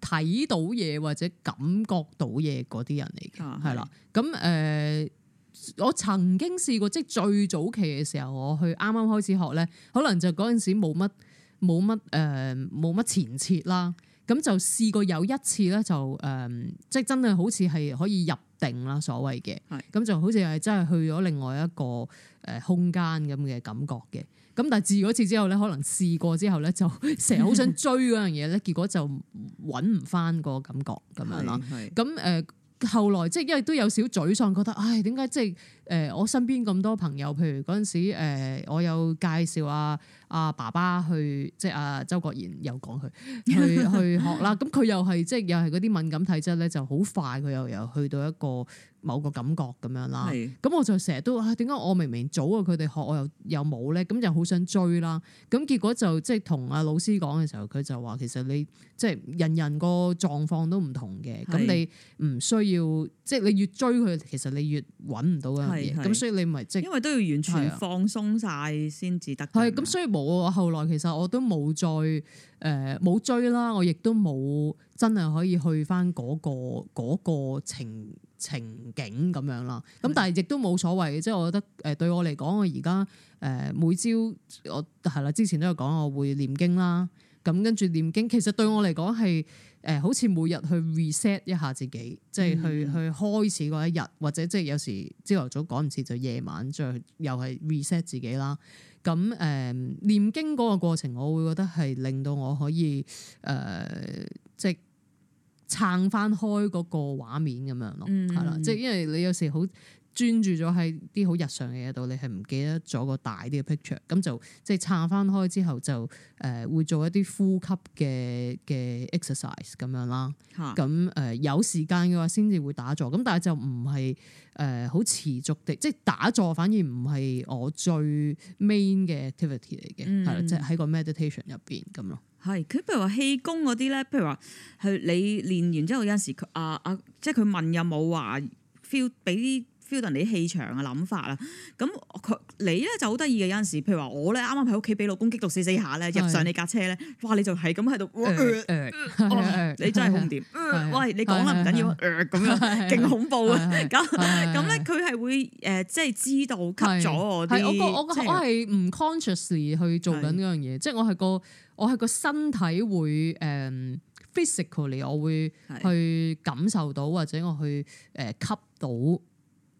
睇到嘢或者感覺到嘢嗰啲人嚟嘅，係啦、嗯。咁誒、呃，我曾經試過，即係最早期嘅時候，我去啱啱開始學咧，可能就嗰陣時冇乜冇乜誒冇乜前設啦。咁就試過有一次咧，就、呃、誒，即係真係好似係可以入。定啦，所謂嘅，咁就是的 好似係真係去咗另外一個誒空間咁嘅感覺嘅。咁但係自嗰次之後咧，可能試過之後咧，就成日好想追嗰樣嘢咧， 結果就搵唔返個感覺咁是的 樣咯。咁誒是的，呃、是的 後來即係因為都有少少沮喪，覺得唉，點解即係？就係誒、呃，我身邊咁多朋友，譬如嗰陣時，誒、呃，我有介紹啊，啊爸爸去，即係啊周國賢又講佢去去學啦。咁佢 又係即係又係嗰啲敏感體質咧，就好快佢又又去到一個某個感覺咁樣啦。咁是我就成日都點解、啊、我明明早啊佢哋學我又又冇咧？咁就好想追啦。咁結果就即係同阿老師講嘅時候，佢就話其實你即係人人個狀況都唔同嘅，咁是你唔需要即係你越追佢，其實你越揾唔到嘅。咁所以你咪即、係、因為都要完全放鬆晒先至得。係咁，所以我後來其實我都冇再誒冇、呃、追啦，我亦都冇真係可以去翻、嗰、嗰個嗰、嗰個情情景咁樣啦。咁但係亦都冇所謂，即係的我覺得誒對我嚟講、呃，我而家誒每朝我係啦，之前都有講我會唸經啦，咁跟住唸經，其實對我嚟講係。誒好似每日去 reset 一下自己，即係去去開始嗰一日，或者即係有時朝頭早趕唔切就夜晚再又係 reset 自己啦。咁誒唸經嗰個過程，我會覺得係令到我可以誒、呃、即係撐翻開嗰個畫面咁樣咯，係啦、嗯，即係因為你有時好專注咗喺啲好日常嘅嘢度，你係唔記得咗個大啲嘅 picture，咁就即係撐翻開之後就誒、呃、會做一啲呼吸嘅嘅 exercise 咁樣啦。咁誒、呃、有時間嘅話先至會打坐，咁但係就唔係誒好持續的。即係打坐反而唔係我最 main 嘅 activity 嚟嘅、嗯，係即係喺個 meditation 入邊咁咯。係佢譬如話氣功嗰啲咧，譬如話係你練完之後有陣時，阿、呃、阿、啊、即係佢問有冇話 feel 俾啲。feel 到你啲氣場啊、諗法啦，咁佢你咧就好得意嘅。有陣時，譬如話我咧啱啱喺屋企俾老公激到死死下咧，入上你架車咧，哇！你就係咁喺度，你真係恐怖？喂，你講啦，唔緊要咁樣，勁恐怖啊！咁咁咧，佢係會誒，即係知道吸咗我係我我我係唔 consciously 去做緊呢樣嘢，即係我係個我係個身體會誒 physically，我會去感受到或者我去誒吸到。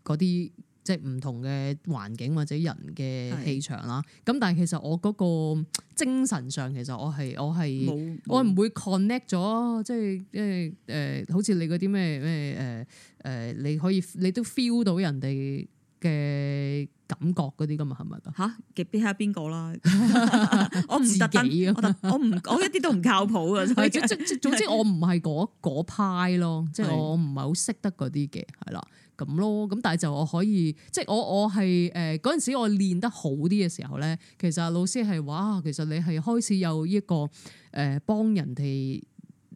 嗰啲即係唔同嘅環境或者人嘅氣場啦，咁是的 但係其實我嗰個精神上其實我係我係沒我唔會 connect 咗，即係即係誒，好似你嗰啲咩咩誒誒，你可以你都 feel 到人哋嘅感覺嗰啲㗎嘛，係咪啊？吓，極邊係邊個啦？我唔特登，我唔我一啲都唔靠譜噶，啊、 總之我唔係嗰派咯，即係我唔係好識得嗰啲嘅，係啦。咁咯，咁但係就我可以，即係我我係誒嗰陣時我練得好啲嘅時候咧，其實老師係話，其實你係開始有一個誒幫、呃、人哋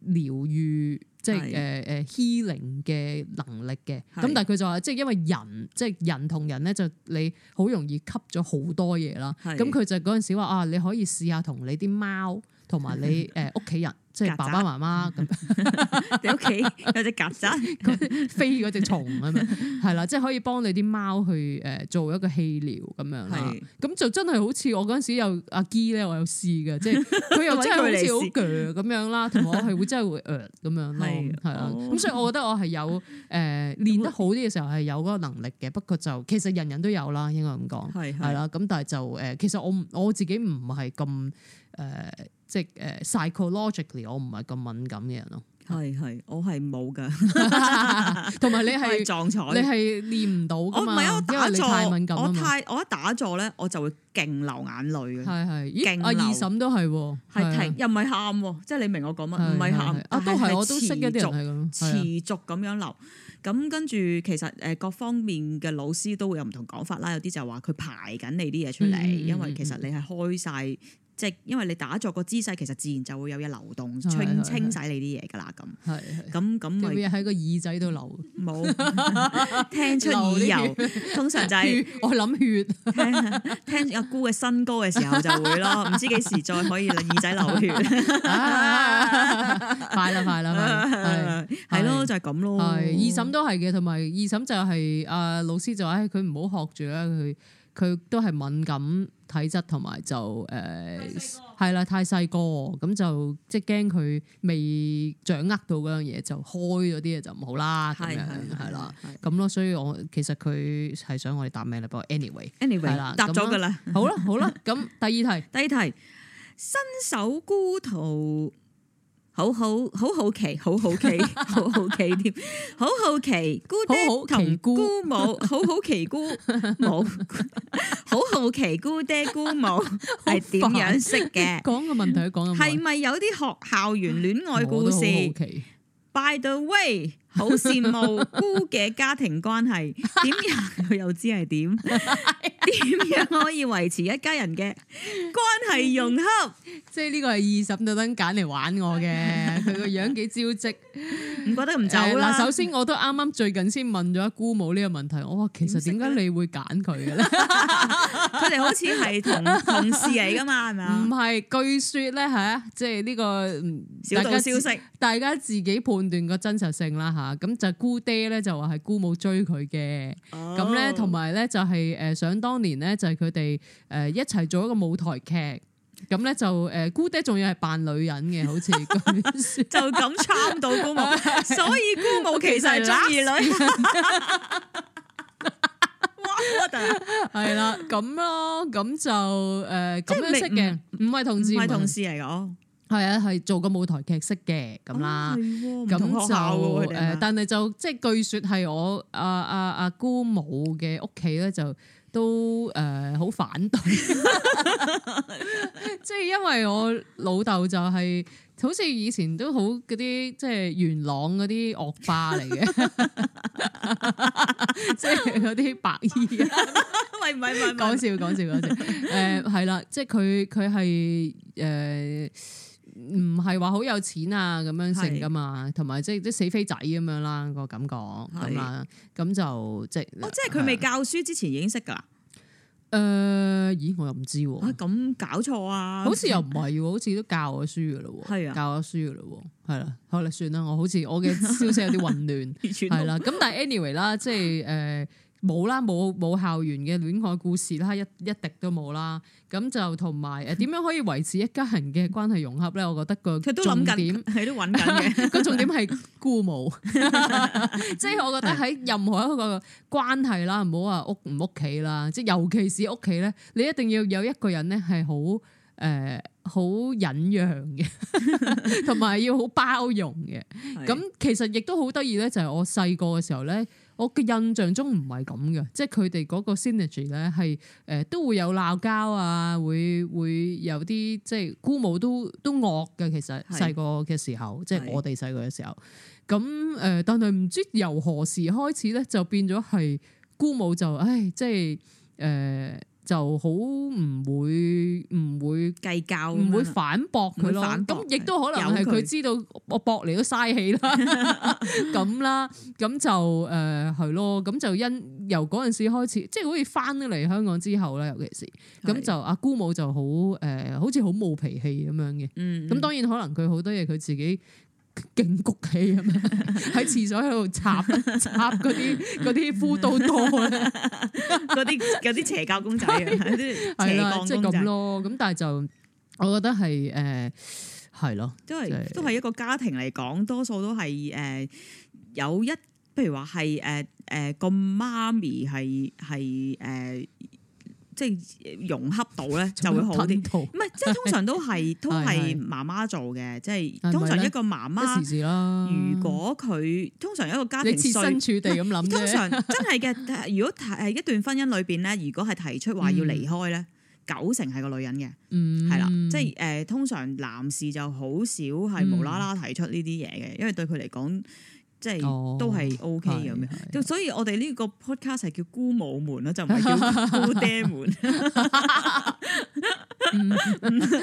療愈，即係誒誒 healing 嘅能力嘅。咁是但係佢就話，即係因為人，即係人同人咧就你好容易吸咗好多嘢啦。咁佢是就嗰陣時話啊，你可以試下同你啲貓。同埋你誒屋企人螂即係爸爸媽媽咁， 你屋企有隻曱甴，飛嗰隻蟲咁樣係啦，即係、 就是、可以幫你啲貓去誒做一個氣療咁樣啦。咁的就真係好似我嗰陣時有阿基咧，我有試嘅，即係佢又真係好似好強咁樣啦，同我係會真係會啄咁樣咯，係啊。咁所以我覺得我係有誒練、呃、得好啲嘅時候係有嗰個能力嘅，不過就其實人人都有啦，應該咁講係係啦。咁的但係就誒，其實我我自己唔係咁誒。即係誒 psychologically，我唔係咁敏感嘅人咯。係係，我係冇噶，同埋你係撞彩，你係練唔到噶嘛。我唔係因為打坐，我太我一打坐咧，我就會勁流眼淚嘅。係係，阿二嬸都係喎，係停又唔係喊，即係你明我講乜？唔係喊啊，都係我都識一啲，持續咁樣流。咁跟住其實誒各方面嘅老師都會有唔同講法啦。有啲就話佢排緊你啲嘢出嚟，因為其實你係開晒。即係因為你打坐個姿勢，其實自然就會有嘢流動，清清洗你啲嘢噶啦咁。係是的，咁咁。有嘢喺個耳仔度流，冇聽出耳油。血通常就係我諗血聽，聽阿姑嘅新歌嘅時候就會咯，唔 知幾時再可以耳仔流血。 啊、快啦快啦，係係咯就係咁咯。係二嬸都係嘅，同埋二嬸就係、是、阿、啊、老師就話佢唔好學住啦佢。佢都係敏感體質，同埋就誒係啦，太細個咁就即係驚佢未掌握到嗰樣嘢，就開咗啲嘢就唔好啦，咁樣係啦，咁咯了，所以我其實佢係想我哋答名啦，不過 anyway 係啦 Anyway, 了，答咗㗎啦，好啦好啦，咁 第二題 第二題新手孤徒。好好好好奇，好好奇， 好好奇添，好好奇姑好好奇姑母，好好奇姑母， 好好奇姑爹姑母係點樣識嘅？講 個問題，講，係咪有啲學校園戀愛故事？好 奇。By the way。好羨慕姑嘅家庭關係，點樣佢又知係點？點樣可以維持一家人嘅關係融洽？即係呢個係二嬸特登揀嚟玩我嘅，佢個樣幾招積，唔覺得唔走啦？嗱，首先我都啱啱最近先問咗阿姑母呢個問題，我話，其實點解你會揀佢嘅咧？佢哋好似係同同事嚟噶嘛？係咪啊？唔係，據說咧吓，即係呢個小道消息，大家自己判斷個真實性啦吓。咁就姑爹咧，就話係姑母追佢嘅，咁咧，同埋咧，就係誒，想當年咧，就係佢哋誒一齊做一個舞台劇，咁咧就誒姑爹仲要係扮女人嘅，好似就咁參到姑母，所以姑母其實係中意女人，哇！係啦，咁咯，咁就誒咁樣識嘅，唔係同事，唔係同事嚟噶係啊，係做個舞台劇式嘅咁啦，咁、啊、就誒，但係就即係據說係我阿阿阿姑母嘅屋企咧，就都誒好、呃、反對，即 係因為我老豆就係、是、好似以前都好嗰啲即係元朗嗰啲惡霸嚟嘅，即係嗰啲白衣，唔係唔係，講笑講笑講笑，誒係啦，即係佢佢係誒。唔係話好有錢啊咁樣剩噶嘛，同埋即係即係死飛仔咁樣啦個感覺咁啦，咁是就即係是哦，即係佢未教書之前已經識噶啦。誒、呃，咦，我又唔知喎，咁搞錯啊？啊錯，啊好似又唔係，好似都教咗書噶咯，係、啊、教咗書噶咯，係啦，好啦，算啦，我好似我嘅消息有啲混亂，係 好、呃、啦，咁但係 anyway 啦，即係誒，冇啦，冇冇校園嘅戀愛故事啦，一一滴都冇啦。咁就同埋誒點樣可以維持一家人嘅關係融合咧？我覺得個重點係都揾緊嘅，個 重點係孤母。即係我覺得喺任何一個關係啦，唔好話屋唔屋企啦，即係尤其是屋企咧，你一定要有一個人咧係好誒好忍讓嘅，同 埋要好包容嘅。咁是的 其實亦都好得意咧，就係、是、我細個嘅時候咧。我嘅印象中唔係咁嘅，即係佢哋嗰個 synergy 咧，係、呃、誒都會有鬧交啊，會會有啲即係姑母都都惡嘅。其實細個嘅時候，是的 即係我哋細個嘅時候，咁誒是的、呃，但係唔知由何時開始咧，就變咗係姑母就唉，即係誒。呃就好唔會唔會計較，唔會反駁佢咯。咁亦都可能係佢知道我駁你都嘥氣啦，咁啦， 咁就誒係咯。咁就因由嗰陣時開始，即係好似翻嚟香港之後啦，尤其是咁就阿姑母就好誒、呃，好似好冇脾氣咁樣嘅。咁、嗯嗯、當然可能佢好多嘢佢自己。勁谷氣啊！喺廁 所喺度插 插嗰啲啲夫刀多，啦，嗰啲有啲邪教公仔，邪教公仔咯。咁但係就，我覺得係誒係咯，因、呃、為都係一個家庭嚟講，多數都係誒、呃、有一，譬如話係誒誒個媽咪係係誒。呃呃呃媽媽媽即係融合到咧，就會好啲。唔係， 即係通常都係都係媽媽做嘅，即係 的通常一個媽媽。啦。 如果佢通常一個家庭，你設身處地咁諗 通常真係嘅，如果喺一段婚姻裏邊咧，如果係提出話要離開咧，嗯、九成係個女人嘅。嗯。係啦，即係誒，通常男士就好少係無啦啦提出呢啲嘢嘅，因為對佢嚟講。即係都係 O K 咁樣，oh, 所以我哋呢個 podcast 係叫姑母們啦，就唔係叫姑爹們，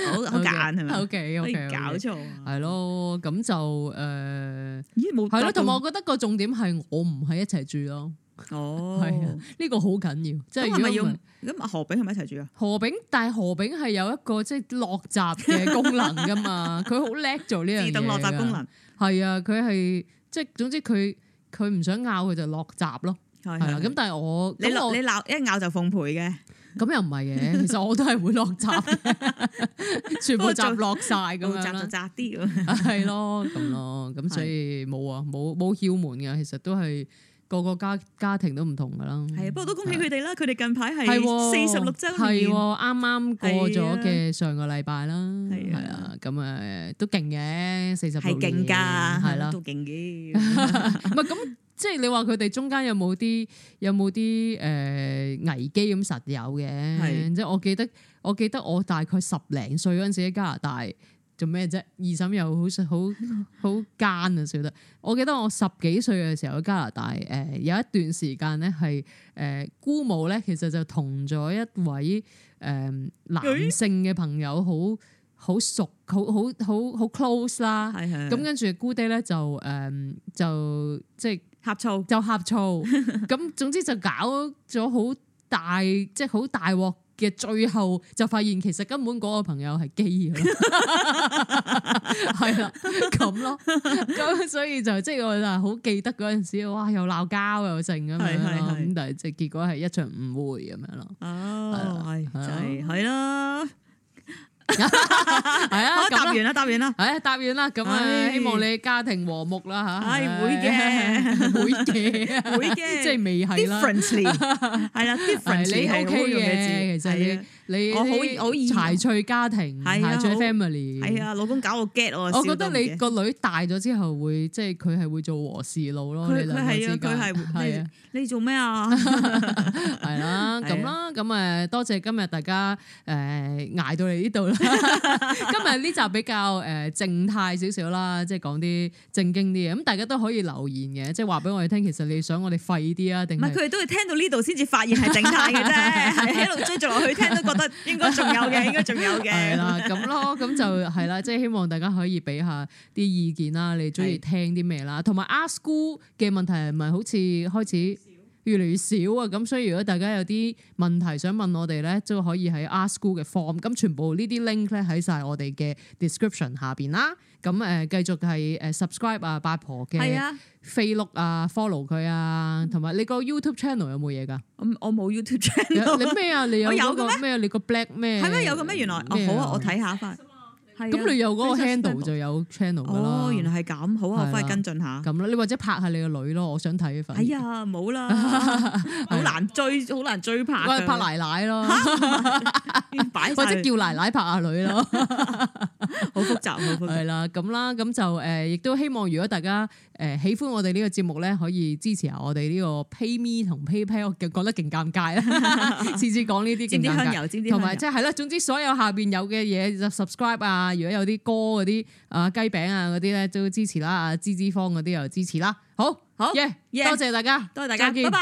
好好揀係咪？O K O K 搞錯係咯，咁就誒，呃、咦冇係咯。同埋，我覺得個重點係我唔係一齊住咯。哦、oh，係啊，呢個好緊要。即係如果咁何炳係咪一齊住啊？何炳，但係何炳係有一個即係、就是、落閘嘅功能噶嘛？佢好叻做呢樣嘢啊，自動落閘功能係啊，佢係。即係總之佢佢唔想咬佢就落閘咯，係啦咁但係我你落下，我你鬧一咬就奉陪嘅，咁又唔係嘅，其實我都係會落閘， 全部閘落晒咁樣啦，閘 就閘啲、嗯、咯，係咯咁咯，咁所以冇啊冇冇竅門嘅，其實都係。個個家家庭都唔同噶啦，係不過都恭喜佢哋啦，佢哋的近排係四十六週年，係喎，啱啱過咗嘅上個禮拜啦，係啊的，咁啊都勁嘅，四十六係勁噶，係咯，都勁嘅。唔係咁，即係你話佢哋中間有冇啲有冇啲誒危機，咁實有嘅？即係的我記得我記得我大概十零歲嗰陣時喺加拿大。做咩啫？二嬸又好， 好，好好奸啊！笑得。我記得我十幾歲嘅時候喺加拿大，誒有一段時間咧係誒姑母咧，其實就同咗一位誒、呃、男性嘅朋友好好、呃、熟，好好好好 close 啦。咁、嗯、跟住姑爹咧就誒就即係呷醋，就呷醋。咁總之就搞咗好大，即係好大鑊。嘅最後就發現，其實根本嗰個朋友係基嘅，係啦咁咯。咁所以就即係、就係、我就係好記得嗰陣時，哇！又鬧交又剩咁樣，咁但係即係結果係一場誤會咁樣咯。啊、oh, uh, 就係，係係係啦。係啊，答完啦，答完啦，係啊、哎，答完啦，咁樣希望你家庭和睦啦吓，係、哎、會嘅，會嘅，會嘅，即係未係啦，係啦 different 你係 OK 嘅，okay okay okay 其實。你好，排除家庭，柴翠 family，係啊，老公搞我 get 我，覺得你個女大咗之後會，即係佢係會做和事佬咯。佢佢係啊，佢係係啊，你做咩啊？係啦，咁啦，咁誒，多謝今日大家誒捱到嚟呢度啦。今日呢集比較誒靜態少少啦，即係講啲正經啲嘢。咁大家都可以留言嘅，即係話俾我哋聽，其實你想我哋廢啲啊？定唔係？佢哋都會聽到呢度先至發現係靜態嘅啫，係一路追逐落去，聽到應該仲有嘅， 應該仲有嘅。係啦， 咁咯，咁就係啦，即係希望大家可以俾下啲意見啦，你中意聽啲咩啦，同埋 ASKGOO 嘅問題係咪好似開始越嚟越少啊？咁 所以如果大家有啲問題想問我哋咧，都可以喺 ASKGOO 嘅 form。咁全部呢啲 link 咧喺晒我哋嘅 description 下邊啦。咁誒，繼續係，誒 subscribe 啊，八婆嘅係啊，facebook 啊 follow 佢啊，同埋你個 YouTube channel 有冇嘢噶？我冇 YouTube channel。你咩啊？你有個咩啊？你個 black 咩？係咩有個咩？原來咩？哦好啊，我睇下翻。咁你有嗰個 hand handle 就有 channel 噶啦。哦，原來係咁，好啊，翻去跟進下。咁啦，你或者拍下你個女咯，我想睇份。哎呀，冇啦， 的好難追，好難追拍。我係拍奶奶咯。 或者叫奶奶拍下女咯，好 複雜。係啦， 咁啦，咁就誒，亦都希望如果大家。誒喜歡我哋呢個節目咧，可以支持下我哋呢個 PayMe 同 PayPal，我覺得勁尷尬啦， 次次講呢啲勁尷尬，同埋即係啦，有總之所有下邊有嘅嘢就 subscribe 啊，如果有啲歌嗰啲啊雞餅啊嗰啲咧都支持啦，啊脂脂肪嗰啲又支持啦，好好，yeah, yeah, 多謝大家，多謝大家，拜拜。